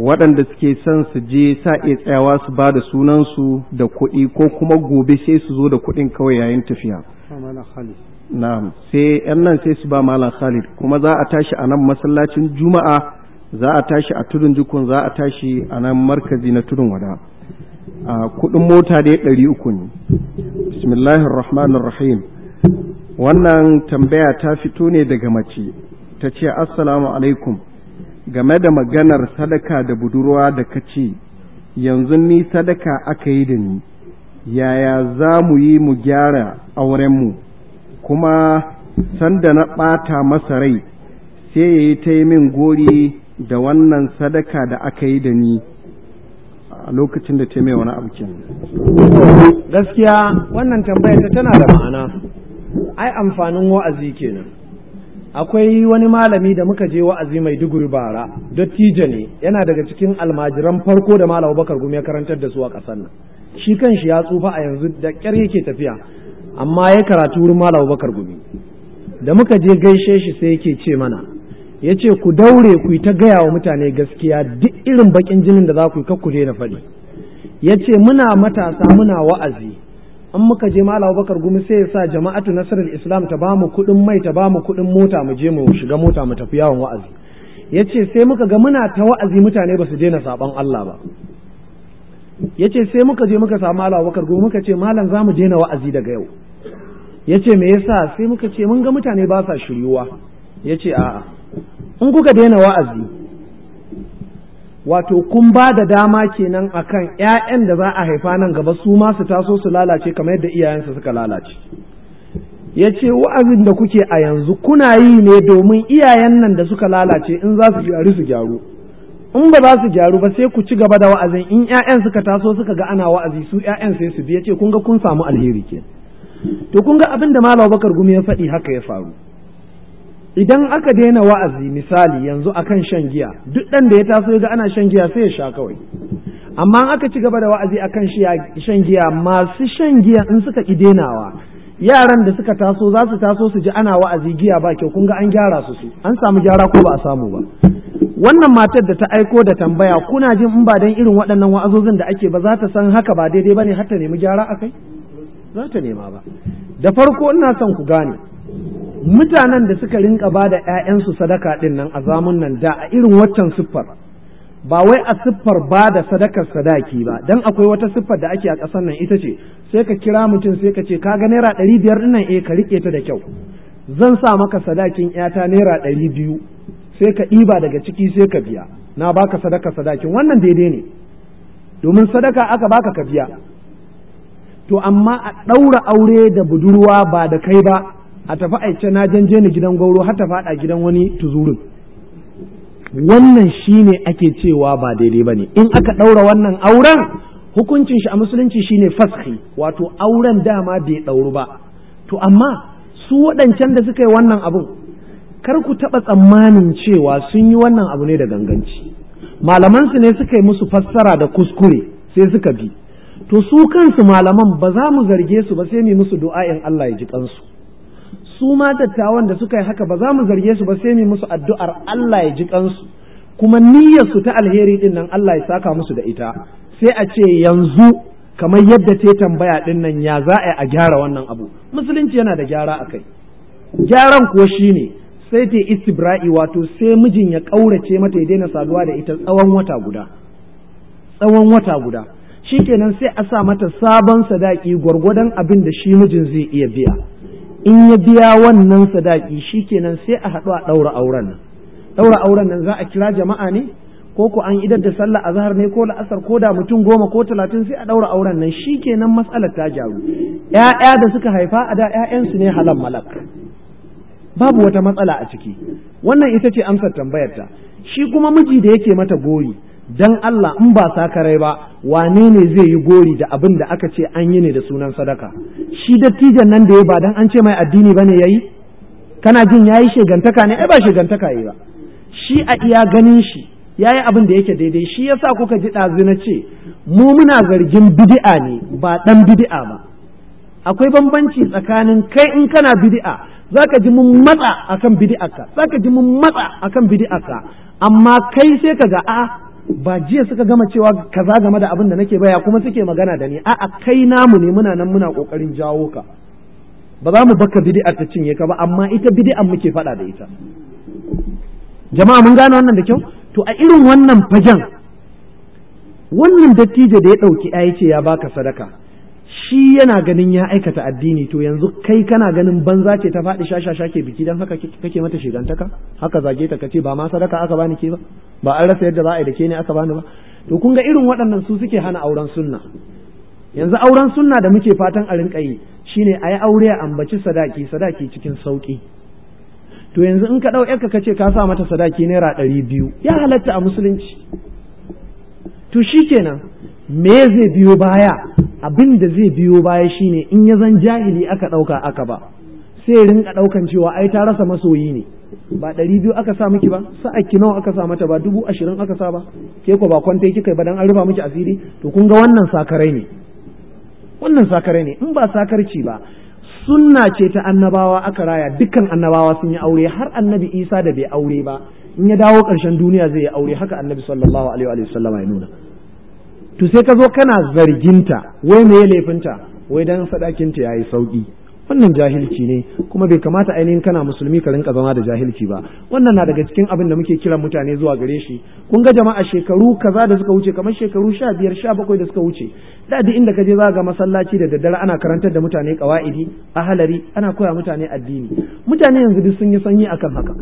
B: waɗanda suke son su je sa iya tsayawa su ba da sunansu da kuɗi ko kuma gobe sai su zo da kuɗin kawai yayin tafiya na'am sai yan nan sai su ba malam khalid kuma za a tashi a nan masallacin juma'a za a tashi a tudun jikun za a tashi a nan markazi na tudun wada a kuɗin mota dai ɗari uku ne Bismillahirrahmanirrahim. wannan tambaya ta fito ne daga mace ta ce assalamu alaikum game da maganar sadaka da budurwa da ka yanzu ni sadaka aka yi da ni yaya za mu yi mu gyara aurenmu kuma sanda na ɓata masa rai sai ya yi ta yi min gori da wannan sadaka da aka yi da ni a lokacin da ta mai wani abu gaskiya
A: wannan tambayar ta tana da ma'ana ai amfanin wa'azi kenan akwai wani malami da muka je wa'azi mai duguri bara dattijo ne yana daga cikin almajiran farko da malam bakar gumi ya karantar da su a ƙasar nan shi kan shi ya tsufa a yanzu da ƙyar yake tafiya amma ya karatu wurin malam bakar gumi da muka je gaishe shi sai yake ce mana ya ce ku daure ku ta gaya wa mutane gaskiya duk irin baƙin jinin da za ku yi ku na faɗi ya ce muna matasa muna wa'azi in muka je malam Abubakar gumi sai ya sa jama'atu nasarar islam ta bamu kuɗin mai ta bamu kuɗin mota mu je mu shiga mota mu tafi yawon wa'azi yace sai muka ga muna ta wa'azi mutane ba su daina saban Allah ba yace sai muka je muka samu malam Abubakar gumi muka ce malam za mu na wa'azi daga yau yace me yasa sai muka ce mun ga mutane ba sa shiryuwa yace a'a in kuka daina wa'azi wato kun ba da dama kenan akan ‘ya'yan da za a haifa nan gaba su ma su taso su lalace kamar yadda iyayensu suka lalace ya ce wa'azin da kuke a yanzu kuna yi ne domin iyayen nan da suka lalace in za su gyaru su gyaru in ba za su gyaru ba sai ku ci gaba da wa'azin in ‘ya'yan suka taso suka ga ana wa'azi su ‘ya'yan sai su bi ya ce kun ga kun samu alheri ke to kun ga abin da malam bakar gumi ya faɗi haka ya faru idan aka daina wa'azi misali yanzu akan shan giya duk ɗan da ya taso ga ana shan giya sai ya sha kawai amma aka ci gaba da wa'azi akan shan giya masu shan giya in suka ki denawa yaran da suka taso za su taso su ji ana wa'azi giya ba kyau kun ga an gyara su su an samu gyara ko ba a samu ba wannan matar da ta aiko da tambaya kuna jin in ba dan irin waɗannan wa'azozin da ake ba za ta san haka ba daidai ne har ta nemi gyara akai za ta nema ba da farko ina son ku gane mutanen da suka rinka ba da 'ya'yansu sadaka ɗin nan a zamun nan da a irin waccan siffar ba wai a siffar ba da sadakar sadaki ba dan akwai wata siffar da ake a ƙasar nan ita ce sai ka kira mutum sai ka ce ka ga naira ɗari biyar ɗin nan eh ka riƙe ta da kyau zan sa maka sadakin 'yata naira ɗari biyu sai ka ɗiba daga ciki sai ka biya na baka sadaka sadakin wannan daidai ne domin sadaka aka baka ka biya to amma a ɗaura aure da budurwa ba da kai ba a tafi aice na janje ni gidan gauro har ta faɗa gidan wani tuzurin wannan shine ake cewa ba daidai bane in aka ɗaura wannan auren hukuncin shi a musulunci shine fashi wato auren dama bai ɗauru ba to amma su waɗancan da suka yi wannan abun kar ku taɓa tsammanin cewa sun yi wannan abu ne da ganganci Malaman su ne suka yi musu fassara da kuskure sai suka bi to su kansu malaman ba za mu zarge su ba sai mu musu du'a in Allah ya ji kansu su ma dattawan da suka yi haka ba za mu zarge su ba sai mu musu addu'ar Allah ya ji kansu kuma niyyar su ta alheri din nan Allah ya saka musu da ita sai a ce yanzu kamar yadda ta tambaya din nan ya za a gyara wannan abu musulunci yana da gyara a kai gyaran kuwa shine sai ta istibra'i wato sai mijin ya ƙaurace mata ya daina saduwa da ita tsawon wata guda tsawon wata guda shikenan sai a sa mata sabon sadaki gwargwadon abin da shi mijin zai iya biya in ya biya wannan sadaki shi kenan sai a haɗu a
B: ɗaura auren nan
A: ɗaura auren nan za a kira jama'a ne ko ku an idar da sallah azhar ne ko la'asar ko da mutum goma ko talatin sai a ɗaura auren nan Shi kenan matsalar ta jaru ƴaƴa da suka haifa a da ƴaƴansu ne halal malak babu wata matsala a ciki wannan ita ce amsar tambayarta. shi kuma miji da yake mata goyi dan Allah in ba sakarai ba wane ne zai yi gori da abin da aka ce an yi ne da sunan sadaka shi dattijan nan da ya ba dan an ce mai addini bane yayi kana jin yayi shegantaka ne ai ba shegantaka yi ba shi a iya ganin shi yayi abin da yake daidai shi yasa kuka ji ɗazu na ce mu muna zargin bid'a ne ba dan bid'a ba akwai bambanci tsakanin kai in kana bid'a zaka ji mun matsa akan bid'arka zaka ji mun matsa akan ka, amma kai sai ka ga a ah, ba jiya suka gama cewa kaza game da abin da nake baya kuma suke magana da ni a'a kai namu ne muna nan muna kokarin jawo ka ba za mu baka bid'a ta cinye ka ba amma ita bid'a muke faɗa da ita jama'a mun gane wannan da kyau to a irin wannan fajan wannan dattijo da ya ɗauki ya ce ya baka sadaka shi yana ganin ya aikata addini to yanzu kai kana ganin banza ce ta faɗi shashasha ke biki don haka kake mata shigantaka haka zage ta kace ba ma sadaka aka bani ke ba ba an rasa yadda za a yi da ke ne aka bani ba to kun ga irin waɗannan su suke hana auren sunna yanzu auren sunna da muke fatan a rinka yi shine a yi aure a ambaci sadaki sadaki cikin sauƙi to yanzu in ka ɗau yarka kace ka sa mata sadaki naira ɗari biyu ya halatta a musulunci to kenan. me zai biyo baya abin da zai biyo baya shine in ya zan jahili aka ɗauka aka ba sai rinka ɗaukan cewa ai ta rasa masoyi ne ba ɗari biyu aka sa miki ba sa'a ki nawa aka sa mata ba dubu ashirin aka sa ba ke ko ba kwantai kika ba dan an rufa miki asiri to kun ga wannan sakarai ne wannan sakarai ne in ba sakarci ba sunna ce ta annabawa aka raya dukkan annabawa sun yi aure har annabi isa da bai aure ba in ya dawo ƙarshen duniya zai yi aure haka annabi sallallahu alaihi wa sallama ya nuna to sai ka zo kana zarginta wai me laifinta wai dan sadakinta yayi sauki wannan jahilci ne kuma bai kamata ainihin kana musulmi ka rinka zama da jahilci ba wannan na daga cikin abin da muke kiran mutane zuwa gare shi kun ga jama'a shekaru kaza da suka wuce kamar shekaru sha biyar sha bakwai da suka wuce da duk inda ka je za ga masallaci da daddare ana karantar da mutane kawa'idi ahalari ana koya mutane addini mutane yanzu duk sun yi sanyi akan haka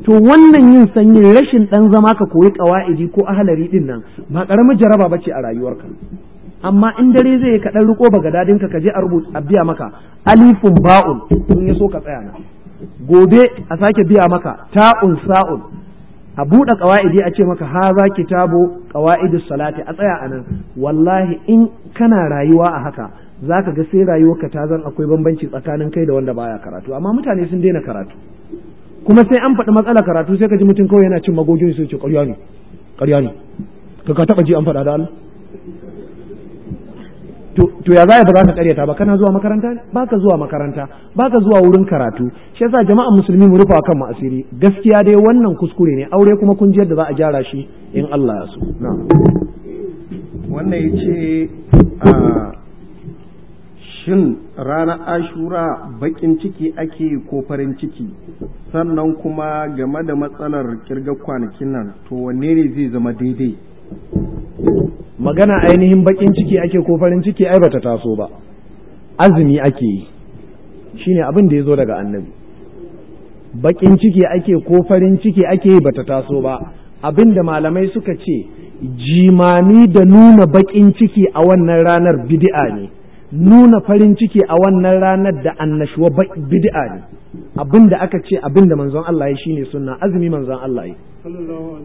A: to wannan yin sanyin rashin ɗan zama ka koyi ƙawa'idi ko ahalari ɗin nan ba ƙaramin jaraba bace a rayuwarka amma in dare zai yi kaɗan riko baga dadin ka je a rubuta a biya maka alifun ba'un in ya so ka tsaya na gobe a sake biya maka ta'un sa'un a buɗe ƙawa'idi a ce maka haza tabo ƙawa'idu salati a tsaya anan wallahi in kana rayuwa a haka zaka ga sai rayuwarka ta zan akwai bambanci tsakanin kai da wanda baya karatu amma mutane sun daina karatu kuma sai an faɗi matsala karatu sai ka ji mutum kawai yana cin magogin su ce ƙarya ne ƙarya ne ka ka taɓa ji an faɗa da Allah to ya zai ba za ka karyata ba kana zuwa makaranta ne ba ka zuwa makaranta ba ka zuwa wurin karatu shi yasa jama'an musulmi mu rufa kan mu asiri gaskiya dai wannan kuskure ne aure kuma kun ji yadda za a gyara shi in Allah ya so
B: wannan yace ah, shin ranar ashura bakin ciki ake ko farin ciki sannan kuma game da matsalar kirga kwanakin nan to wanne ne zai zama daidai
A: magana ainihin bakin ciki ake ko farin ciki ai bata taso ba azumi ake yi shine abin da ya zo daga annabi bakin ciki ake ko farin ciki ake yi bata taso ba abin da malamai suka ce jimami da nuna bakin ciki a wannan ranar bid'a ne nuna farin ciki a wannan ranar da annashuwa bid'a ne Abinda aka ce abinda manzon Allah ya shine sunna azumi manzon Allah ya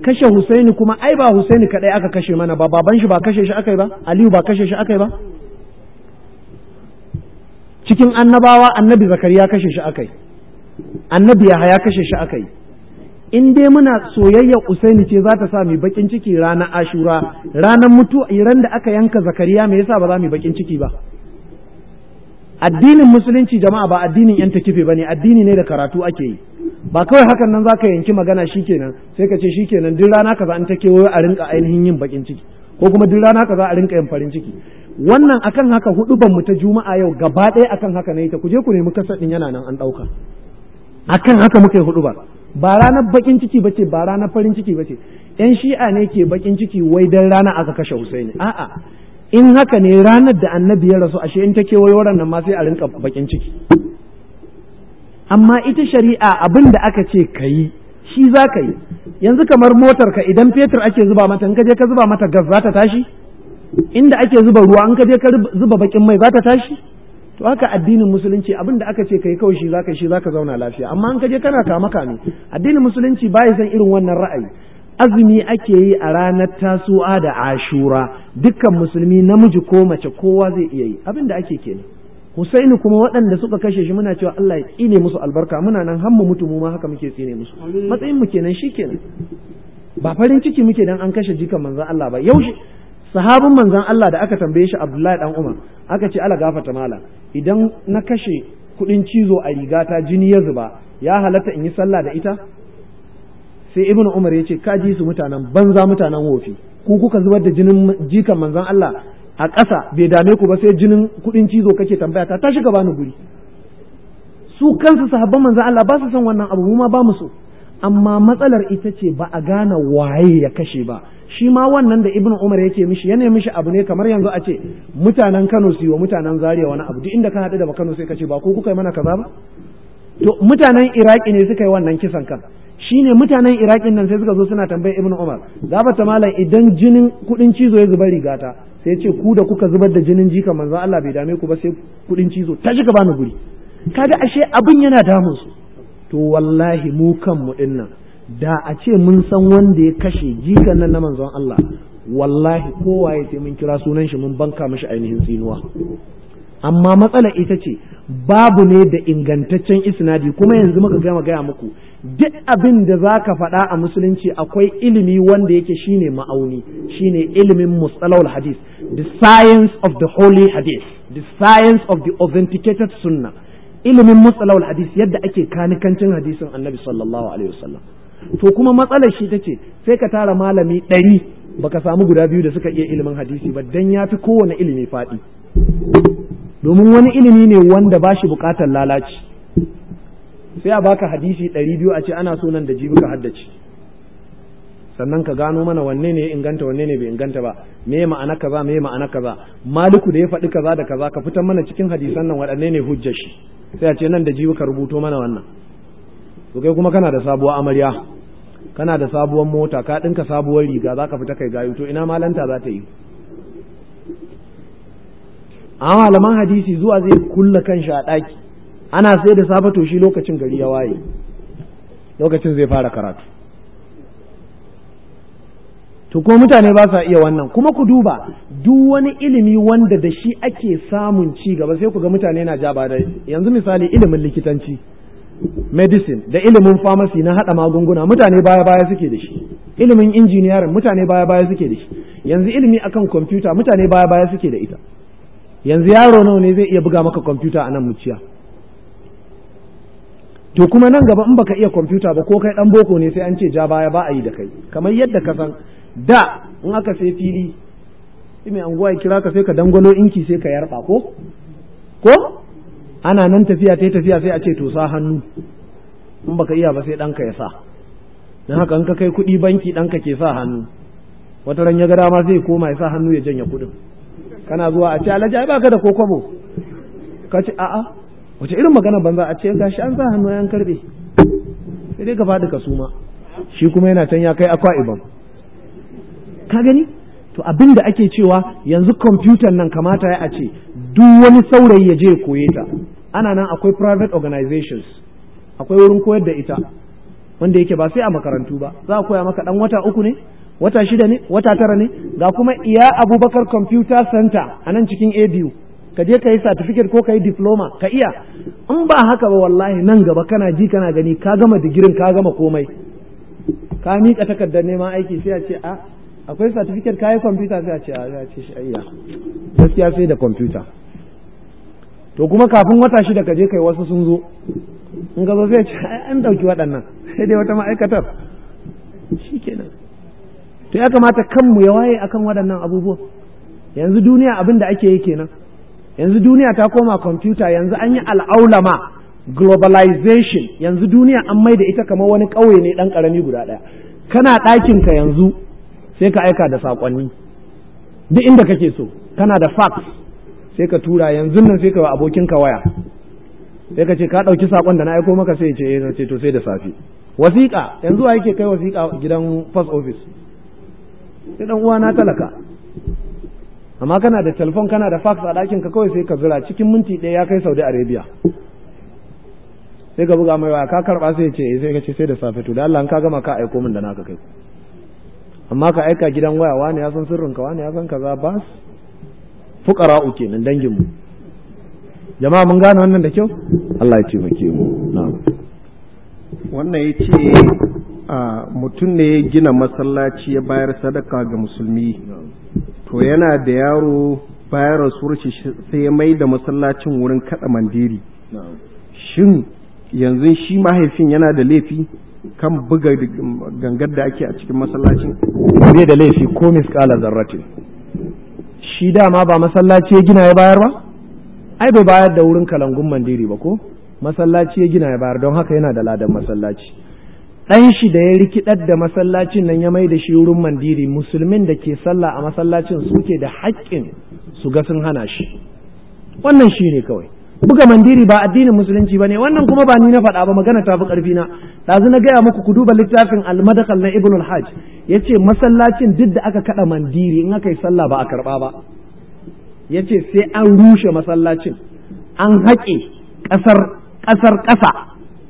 A: kashe Husaini kuma ai ba Husaini kadai aka kashe mana ba baban shi ba kashe shi akai ba Aliyu ba kashe shi akai ba cikin annabawa annabi Zakariya kashe shi akai annabi Yahaya kashe shi akai in dai muna soyayyar Usaini ce za ta sa mu bakin ciki ranar Ashura ranar mutuwa iran da aka yanka Zakariya me yasa ba za mu bakin ciki ba addinin musulunci jama'a ba addinin yan takife bane addini ne da karatu ake yi ba kawai hakan nan zaka yanki magana shikenan sai ka ce shikenan duk rana kaza an take wayo a rinka ainihin yin bakin ciki ko kuma duk rana kaza a rinka yin farin ciki wannan akan haka hudu ban mu ta juma'a yau gaba ɗaya akan haka ne ta kuje ku nemi kasadin yana nan an ɗauka akan haka muka yi hudu ba ba ranar bakin ciki bace ba ranar farin ciki bace yan shi'a ne ke bakin ciki wai dan rana aka kashe Husaini a'a in haka ne ranar da annabi ya rasu ashe in ta kewayo nan ma sai a rinka bakin ciki amma ita shari'a abin da aka ce ka yi shi za ka yi yanzu kamar motar ka idan fetur ake zuba mata in ka je ka zuba mata gas za ta tashi inda ake zuba ruwa in ka je ka zuba bakin mai za ta tashi to haka addinin musulunci abin da aka ce kai kawai shi za ka shi za ka zauna lafiya amma in ka je kana kama kame addinin musulunci ya san irin wannan ra'ayi azumi ake yi a ranar tasu'a da ashura dukkan musulmi namiji ko mace kowa zai iya yi abin da ake kenan Husaini kuma waɗanda suka kashe shi muna cewa Allah ya tsine musu albarka muna nan hammu mutu mu ma haka muke tsine musu matsayin mu kenan shikenan ba farin ciki muke dan an kashe jikan manzon Allah ba yau sahabin manzon Allah da aka tambaye shi Abdullahi dan Umar aka ce ala gafarta mala idan na kashe kudin cizo a rigata jini ya zuba ya halatta in yi sallah da ita sai ibnu umar ya ce ka ji su mutanen banza mutanen wofi ku kuka zubar da jinin jikan manzon Allah a ƙasa bai dame ku ba sai jinin kuɗin cizo kake tambaya ta tashi gaba ni guri su kansu sahabban manzon Allah ba su san wannan abu mu ma ba mu amma matsalar ita ce ba a gane waye ya kashe ba shi ma wannan da ibnu umar yake mishi yana mishi abu ne kamar yanzu a ce mutanen Kano su yi wa mutanen Zaria wani abu duk inda ka haɗu da Kano sai ka ce ba ko kuka yi mana kaza ba to mutanen iraki ne suka yi wannan kisan kan shi ne mutanen Iraki nan sai suka zo suna tambayi ibnu umar ta malam idan jinin kudin cizo ya zuba rigata sai ce ku da kuka zubar da jinin jika manzo Allah bai dame ku ba sai kudin cizo ta shiga bani guri kada ashe abin yana damun su to wallahi mu kan mu nan da a ce mun san wanda ya kashe jikan nan na manzon Allah wallahi kowa ya sai mun kira sunan shi mun banka mishi ainihin tsinuwa amma matsala ita ce babu ne da ingantaccen isnadi kuma yanzu muka gama gaya muku duk abin da za ka faɗa a musulunci akwai ilimi wanda yake shine ma'auni shine ilimin mustalahul hadith the science of the holy hadith the science of the authenticated sunnah ilimin mustalahul hadith yadda ake kanikancin hadisin annabi sallallahu alaihi wasallam to kuma matsalar shi ta ce sai ka tara malami ɗari baka samu guda biyu da suka iya ilimin hadisi ba dan ya fi kowane ilimi faɗi domin wani ilimi ne wanda ba shi bukatar lalaci sai a baka hadisi ɗari biyu a ce ana so nan da jibi ka haddace sannan ka gano mana wanne ne inganta wanne ne bai inganta ba me ma'ana kaza me ma'ana kaza maliku da ya faɗi kaza da kaza ka fitar mana cikin hadisan nan waɗanne ne hujjar shi sai a ce nan da jibi ka rubuto mana wannan to kai kuma kana da sabuwar amarya kana da sabuwar mota ka ɗinka sabuwar riga za ka fita kai gayu to ina malanta za ta yi a malaman hadisi zuwa zai kulla shi a ɗaki ana sai da safe to shi lokacin gari ya waye lokacin zai fara karatu to ko mutane ba sa iya wannan kuma ku duba duk wani ilimi wanda da shi ake samun ci gaba sai ku ga mutane na ja da yanzu misali ilimin likitanci medicine da ilimin pharmacy na hada magunguna mutane baya baya suke da shi ilimin engineering mutane baya baya suke da shi yanzu ilimi akan computer mutane baya baya suke da ita yanzu yaro nawa ne zai iya buga maka kwamfuta a nan muciya to kuma nan gaba in baka iya kwamfuta ba ko kai dan boko ne sai an ce ja baya ba a yi da kai kamar yadda ka san da in aka sai fili mai anguwa kira ka sai ka dangwalo inki sai ka yarba ko ko ana nan tafiya ta tafiya sai a ce to sa hannu in baka iya ba sai ka ya sa dan haka in ka kai kuɗi banki ɗanka ke sa hannu wata ran ya ga dama zai koma ya sa hannu ya janye kuɗin kana zuwa a ce alhaji ba baka da kokobo ka ce a'a wace irin magana banza a ce gashi an sa hannu yan karbe sai dai ka faɗi ka suma shi kuma yana can ya kai akwa iban ka gani to abin da ake cewa yanzu kwamfutan nan kamata ya a ce duk wani saurayi ya je koye ta ana nan akwai private organizations akwai wurin koyar da ita wanda yake ba sai a makarantu ba za a koya maka dan wata uku ne wata shida ne wata tara ne ga kuma iya abubakar computer center a nan cikin abu ka je ka yi certificate ko ka yi diploma ka iya in ba haka ba wallahi nan gaba kana ji kana gani ka gama digirin ka gama komai ka miƙa takardar neman aiki sai a ce a ah, akwai certificate ka yi computer sai a ce ah, a ce shi ayya gaskiya sai da computer to kuma kafin wata shida ka je kai wasu sun zo in ka zo sai a ce an ɗauki waɗannan sai dai wata ma'aikatar shi kenan to ya kamata kanmu ya waye akan waɗannan abubuwa yanzu duniya abin ake yi kenan yanzu duniya ta koma kwamfuta yanzu an yi al'aulama globalization yanzu duniya an mai da ita kamar wani ƙauye ne ɗan ƙarami guda ɗaya kana ɗakinka yanzu sai ka aika da saƙonni duk inda kake so kana da fax sai ka tura yanzu nan sai ka wa abokinka waya sai ka ce ka ɗauki saƙon da na aiko maka sai ce eh, ce to sai da safe wasiƙa yanzu a yake kai wasiƙa gidan post office sai dan uwa na talaka amma kana da telefon kana da fax a ɗakin ka kawai sai ka zira cikin minti ɗaya ya kai Saudi Arabia sai ka buga mai waya ka karba sai ce eh, sai ka ce sai da safe to da Allah ka gama ka aiko min da naka kai amma ka aika gidan waya wani ya
B: san sirrin ka wani ya san kaza bas
A: fukara uke kenan dangin mu jama'a mun gane wannan da kyau Allah ya ce mu na'am
B: wannan yace mutum ne ya gina masallaci ya bayar sadaka ga musulmi to yana da yaro bayan rasuwar shi sai ya mai da masallacin wurin kada mandiri shin yanzu shi mahaifin yana da laifi kan buga gangar da ake a cikin masallacin bai da laifi ko miskala zarratin shi dama ba masallaci ya gina ya bayar ba ai bai
A: bayar da wurin kalangun mandiri ba ko masallaci ya gina ya bayar don haka yana da ladan masallaci ɗan shi da ya rikidar da masallacin nan ya mai da shi wurin mandiri musulmin da ke sallah a masallacin suke da haƙƙin su ga sun hana shi wannan shi ne kawai buga mandiri ba addinin musulunci ba ne wannan kuma ba ni na faɗa ba magana ta fi ƙarfi na ɗazu na gaya muku ku duba littafin almadakal na ibnul hajj ya ce masallacin duk da aka kaɗa mandiri in aka yi sallah ba a karɓa ba ya ce sai an rushe masallacin an haƙe ƙasar ƙasar ƙasa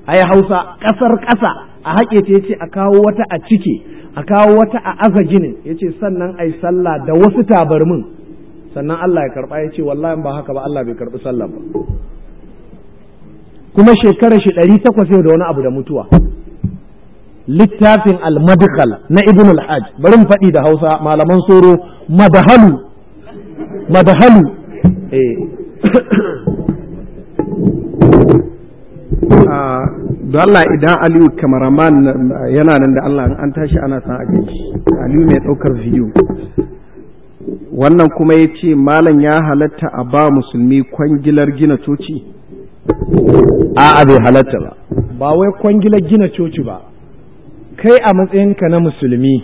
A: a hausa ƙasar ƙasa a haƙe ta yace a kawo wata a cike a kawo wata a aza ginin yace sannan ai sallah da wasu tabarmin sannan Allah ya karba yace wallahi ba haka ba Allah bai karbi sallah ba kuma shekarar shi ɗari takwas da wani abu da mutuwa littafin al-madkhal na ibn al-hajj bari mu faɗi da Hausa malaman soro madhalu madhalu
B: eh Ah, don Allah idan Aliyu kamaraman yana nan da Allah an tashi ana san aje Aliyu mai ɗaukar video wannan kuma ya ce malam ya halatta a ba musulmi kwangilar gina coci a'a bai halatta ba
A: ba wai kwangilar gina coci ba kai a matsayin ka na musulmi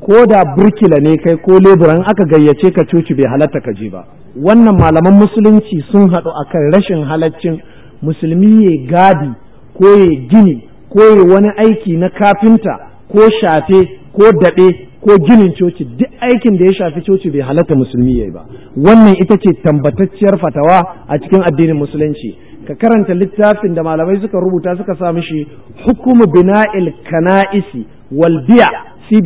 A: ko da burkila ne kai ko leburan aka gayyace ka coci bai halatta ka je ba wannan malaman musulunci sun haɗu akan rashin halaccin musulmi ya gadi ko ya gini ko ya wani aiki na kafinta ko shafe ko daɓe ko ginin coci duk aikin da ya shafi coci bai halatta musulmi yayi ba wannan ita ce tambatacciyar fatawa a cikin addinin musulunci ka karanta littafin da malamai suka rubuta suka sa mishi hukumu bina'il kana'isi wal biya fi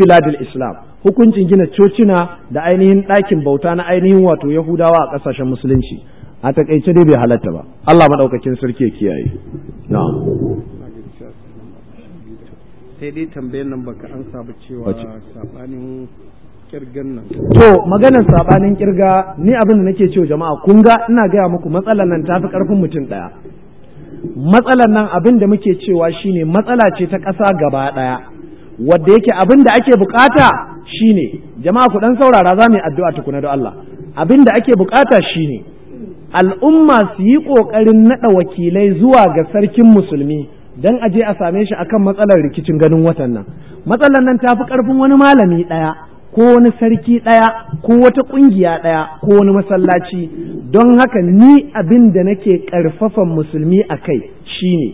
A: islam hukuncin gina cocina da ainihin ɗakin bauta na ainihin wato yahudawa a ƙasashen musulunci a takaice dai bai halatta ba Allah madaukakin sarki ya kiyaye na'am
B: sai dai tambayar nan baka an saba cewa sabanin kirgan nan to
A: maganar sabanin kirga ni abin da nake cewa jama'a kun ga ina gaya muku matsalar nan tafi karfin mutum daya matsalar nan abin da muke cewa shine matsala ce ta ƙasa gaba ɗaya wadda yake abin da ake bukata shine jama'a ku dan saurara za mu yi addu'a tukuna da Allah abin da ake bukata shine al'umma su yi ƙoƙarin naɗa wakilai zuwa ga sarkin musulmi don aje a same shi akan matsalar rikicin ganin watan nan matsalar nan ta fi ƙarfin wani malami ɗaya ko wani sarki ɗaya ko wata ƙungiya ɗaya ko wani masallaci don haka ni abin da nake ƙarfafan musulmi a kai shine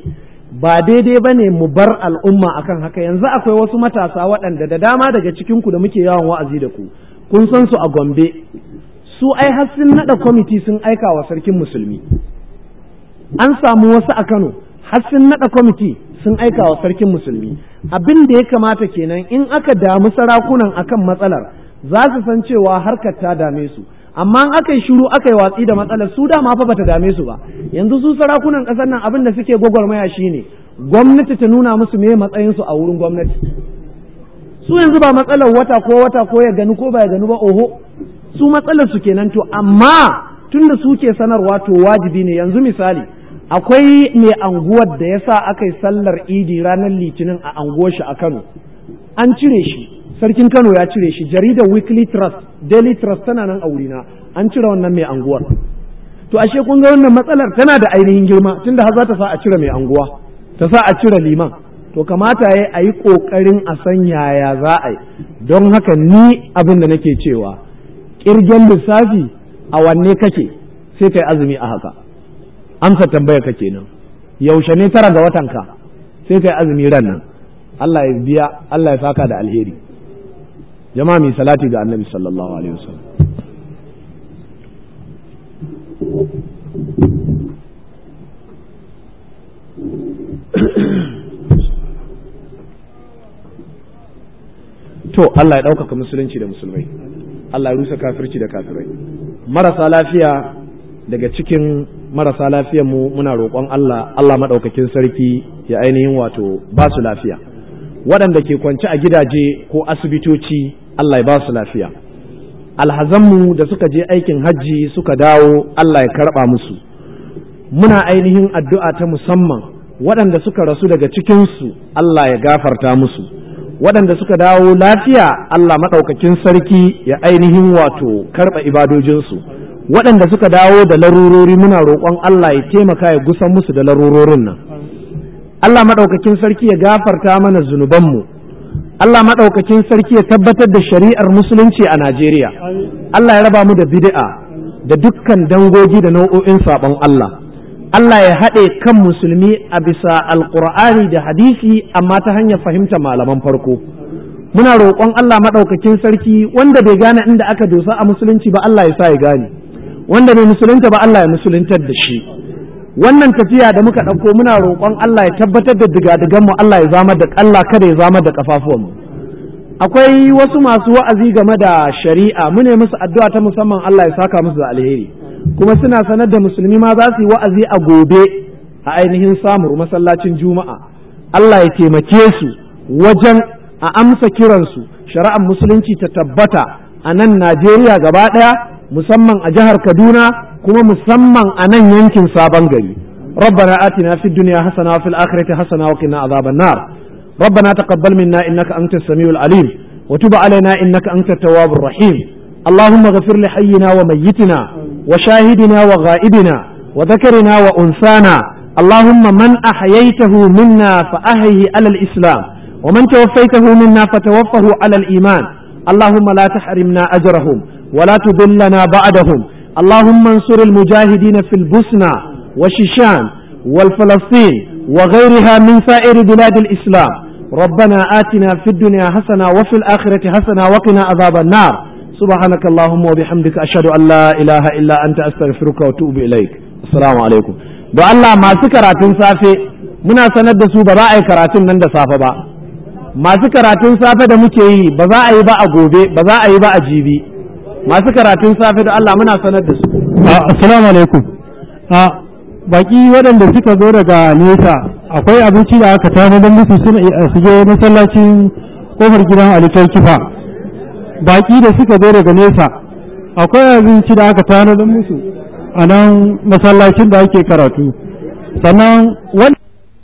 A: ba daidai ba ne mu bar al'umma akan haka yanzu akwai wasu matasa waɗanda da dama daga cikinku da muke yawan wa'azi da ku kun san su a gombe su ai har sun nada kwamiti sun aika wa sarkin musulmi an samu wasu a Kano har sun nada kwamiti sun aika wa sarkin musulmi abin da ya kamata kenan in aka damu sarakunan akan matsalar za su san cewa harkar ta dame su amma aka yi shiru aka yi watsi da matsalar su dama fa bata dame su ba yanzu su sarakunan ƙasar nan abin da suke gwagwarmaya shine gwamnati ta nuna musu me matsayin su a wurin gwamnati su yanzu ba matsalar wata ko wata ko ya gani ko ba ya gani ba oho su matsalar su kenan to amma tunda suke sanarwa to wajibi ne yanzu misali akwai mai anguwar da yasa aka yi sallar idi ranar litinin a anguwar shi a Kano an cire shi sarkin Kano ya cire shi jaridar Weekly Trust Daily Trust tana nan a wurina an cire wannan mai anguwar to ashe kun ga wannan matsalar tana da ainihin girma tunda har za ta sa a cire mai anguwa ta sa a cire liman to kamata ya a yi ƙoƙarin a san yaya za yi don haka ni abin da nake cewa kirgen lissafi a wanne kake sai kai azumi a haka amsa tambaya ka kenan yaushe ne tara ga watan ka sai kai azumi ran nan Allah ya biya Allah ya saka da alheri jama'a mai salati ga annabi sallallahu alaihi wasallam to Allah ya ɗaukaka musulunci da musulmai Allah rusa kafirci da kafirai marasa lafiya daga cikin marasa lafiyar mu muna roƙon Allah Allah madaukakin sarki ya ainihin wato ba su lafiya waɗanda ke kwance a gidaje ko asibitoci Allah ya ba su lafiya alhazanmu da suka je aikin hajji suka dawo Allah ya karɓa musu muna ainihin addu'a ta musamman waɗanda suka rasu daga cikinsu Allah ya gafarta musu waɗanda suka dawo lafiya Allah maɗaukakin sarki ya ainihin wato karɓa ibadojinsu waɗanda suka dawo da larurori muna roƙon Allah ya taimaka ya gusan musu da larurorin nan Allah maɗaukakin sarki ya gafarta mana zunubanmu Allah maɗaukakin sarki ya tabbatar da shari'ar musulunci a Najeriya Allah ya raba mu da bid'a da dukkan dangogi da nau'o'in saɓon Allah Allah ya haɗe kan musulmi a bisa alƙur'ani da hadisi amma ta hanyar fahimta malaman farko muna roƙon Allah maɗaukakin sarki wanda bai gane inda aka dosa a musulunci ba Allah ya sa ya gane wanda bai musulunta ba Allah ya musuluntar da shi wannan tafiya da muka ɗauko muna roƙon Allah ya tabbatar da digadigan mu Allah ya zama da Allah kada ya zama da kafafuwan akwai wasu masu wa'azi game da shari'a mune musu addu'a ta musamman Allah ya saka musu da alheri kuma suna sanar da musulmi ma za su yi wa'azi a gobe a ainihin samur masallacin juma'a Allah ya taimake su wajen a amsa kiransu shari'ar musulunci ta tabbata a nan Najeriya gaba ɗaya musamman a jihar Kaduna kuma musamman a nan yankin sabon gari ربنا آتنا في الدنيا حسنة وفي الآخرة حسنة وقنا عذاب النار ربنا تقبل منا إنك أنت السميع العليم وتب علينا إنك أنت التواب الرحيم اللهم اغفر لحينا وميتنا وشاهدنا وغائبنا وذكرنا وأنثانا اللهم من أحييته منا فأحيه على الإسلام ومن توفيته منا فتوفه على الإيمان اللهم لا تحرمنا أجرهم ولا تضلنا بعدهم اللهم انصر المجاهدين في البوسنة وشيشان والفلسطين وغيرها من سائر بلاد الإسلام ربنا آتنا في الدنيا حسنة وفي الآخرة حسنة وقنا عذاب النار subhanaka allahumma wa bihamdika ashhadu an la ilaha illa anta astaghfiruka wa atubu ilaik assalamu alaikum don Allah masu karatun safe muna sanar da su ba za a yi karatun nan da safe ba masu karatun safe da muke yi ba za a yi ba a gobe ba za a yi ba a jibi masu karatun safe Allah muna da
B: su alaikum baki waɗanda suka zo daga nesa akwai abinci da aka tana don musu eh, su je masallacin kofar gidan alikai kifa Baki da suka zo daga nesa akwai abinci da aka tanadar musu a nan masallacin da ake karatu sannan wani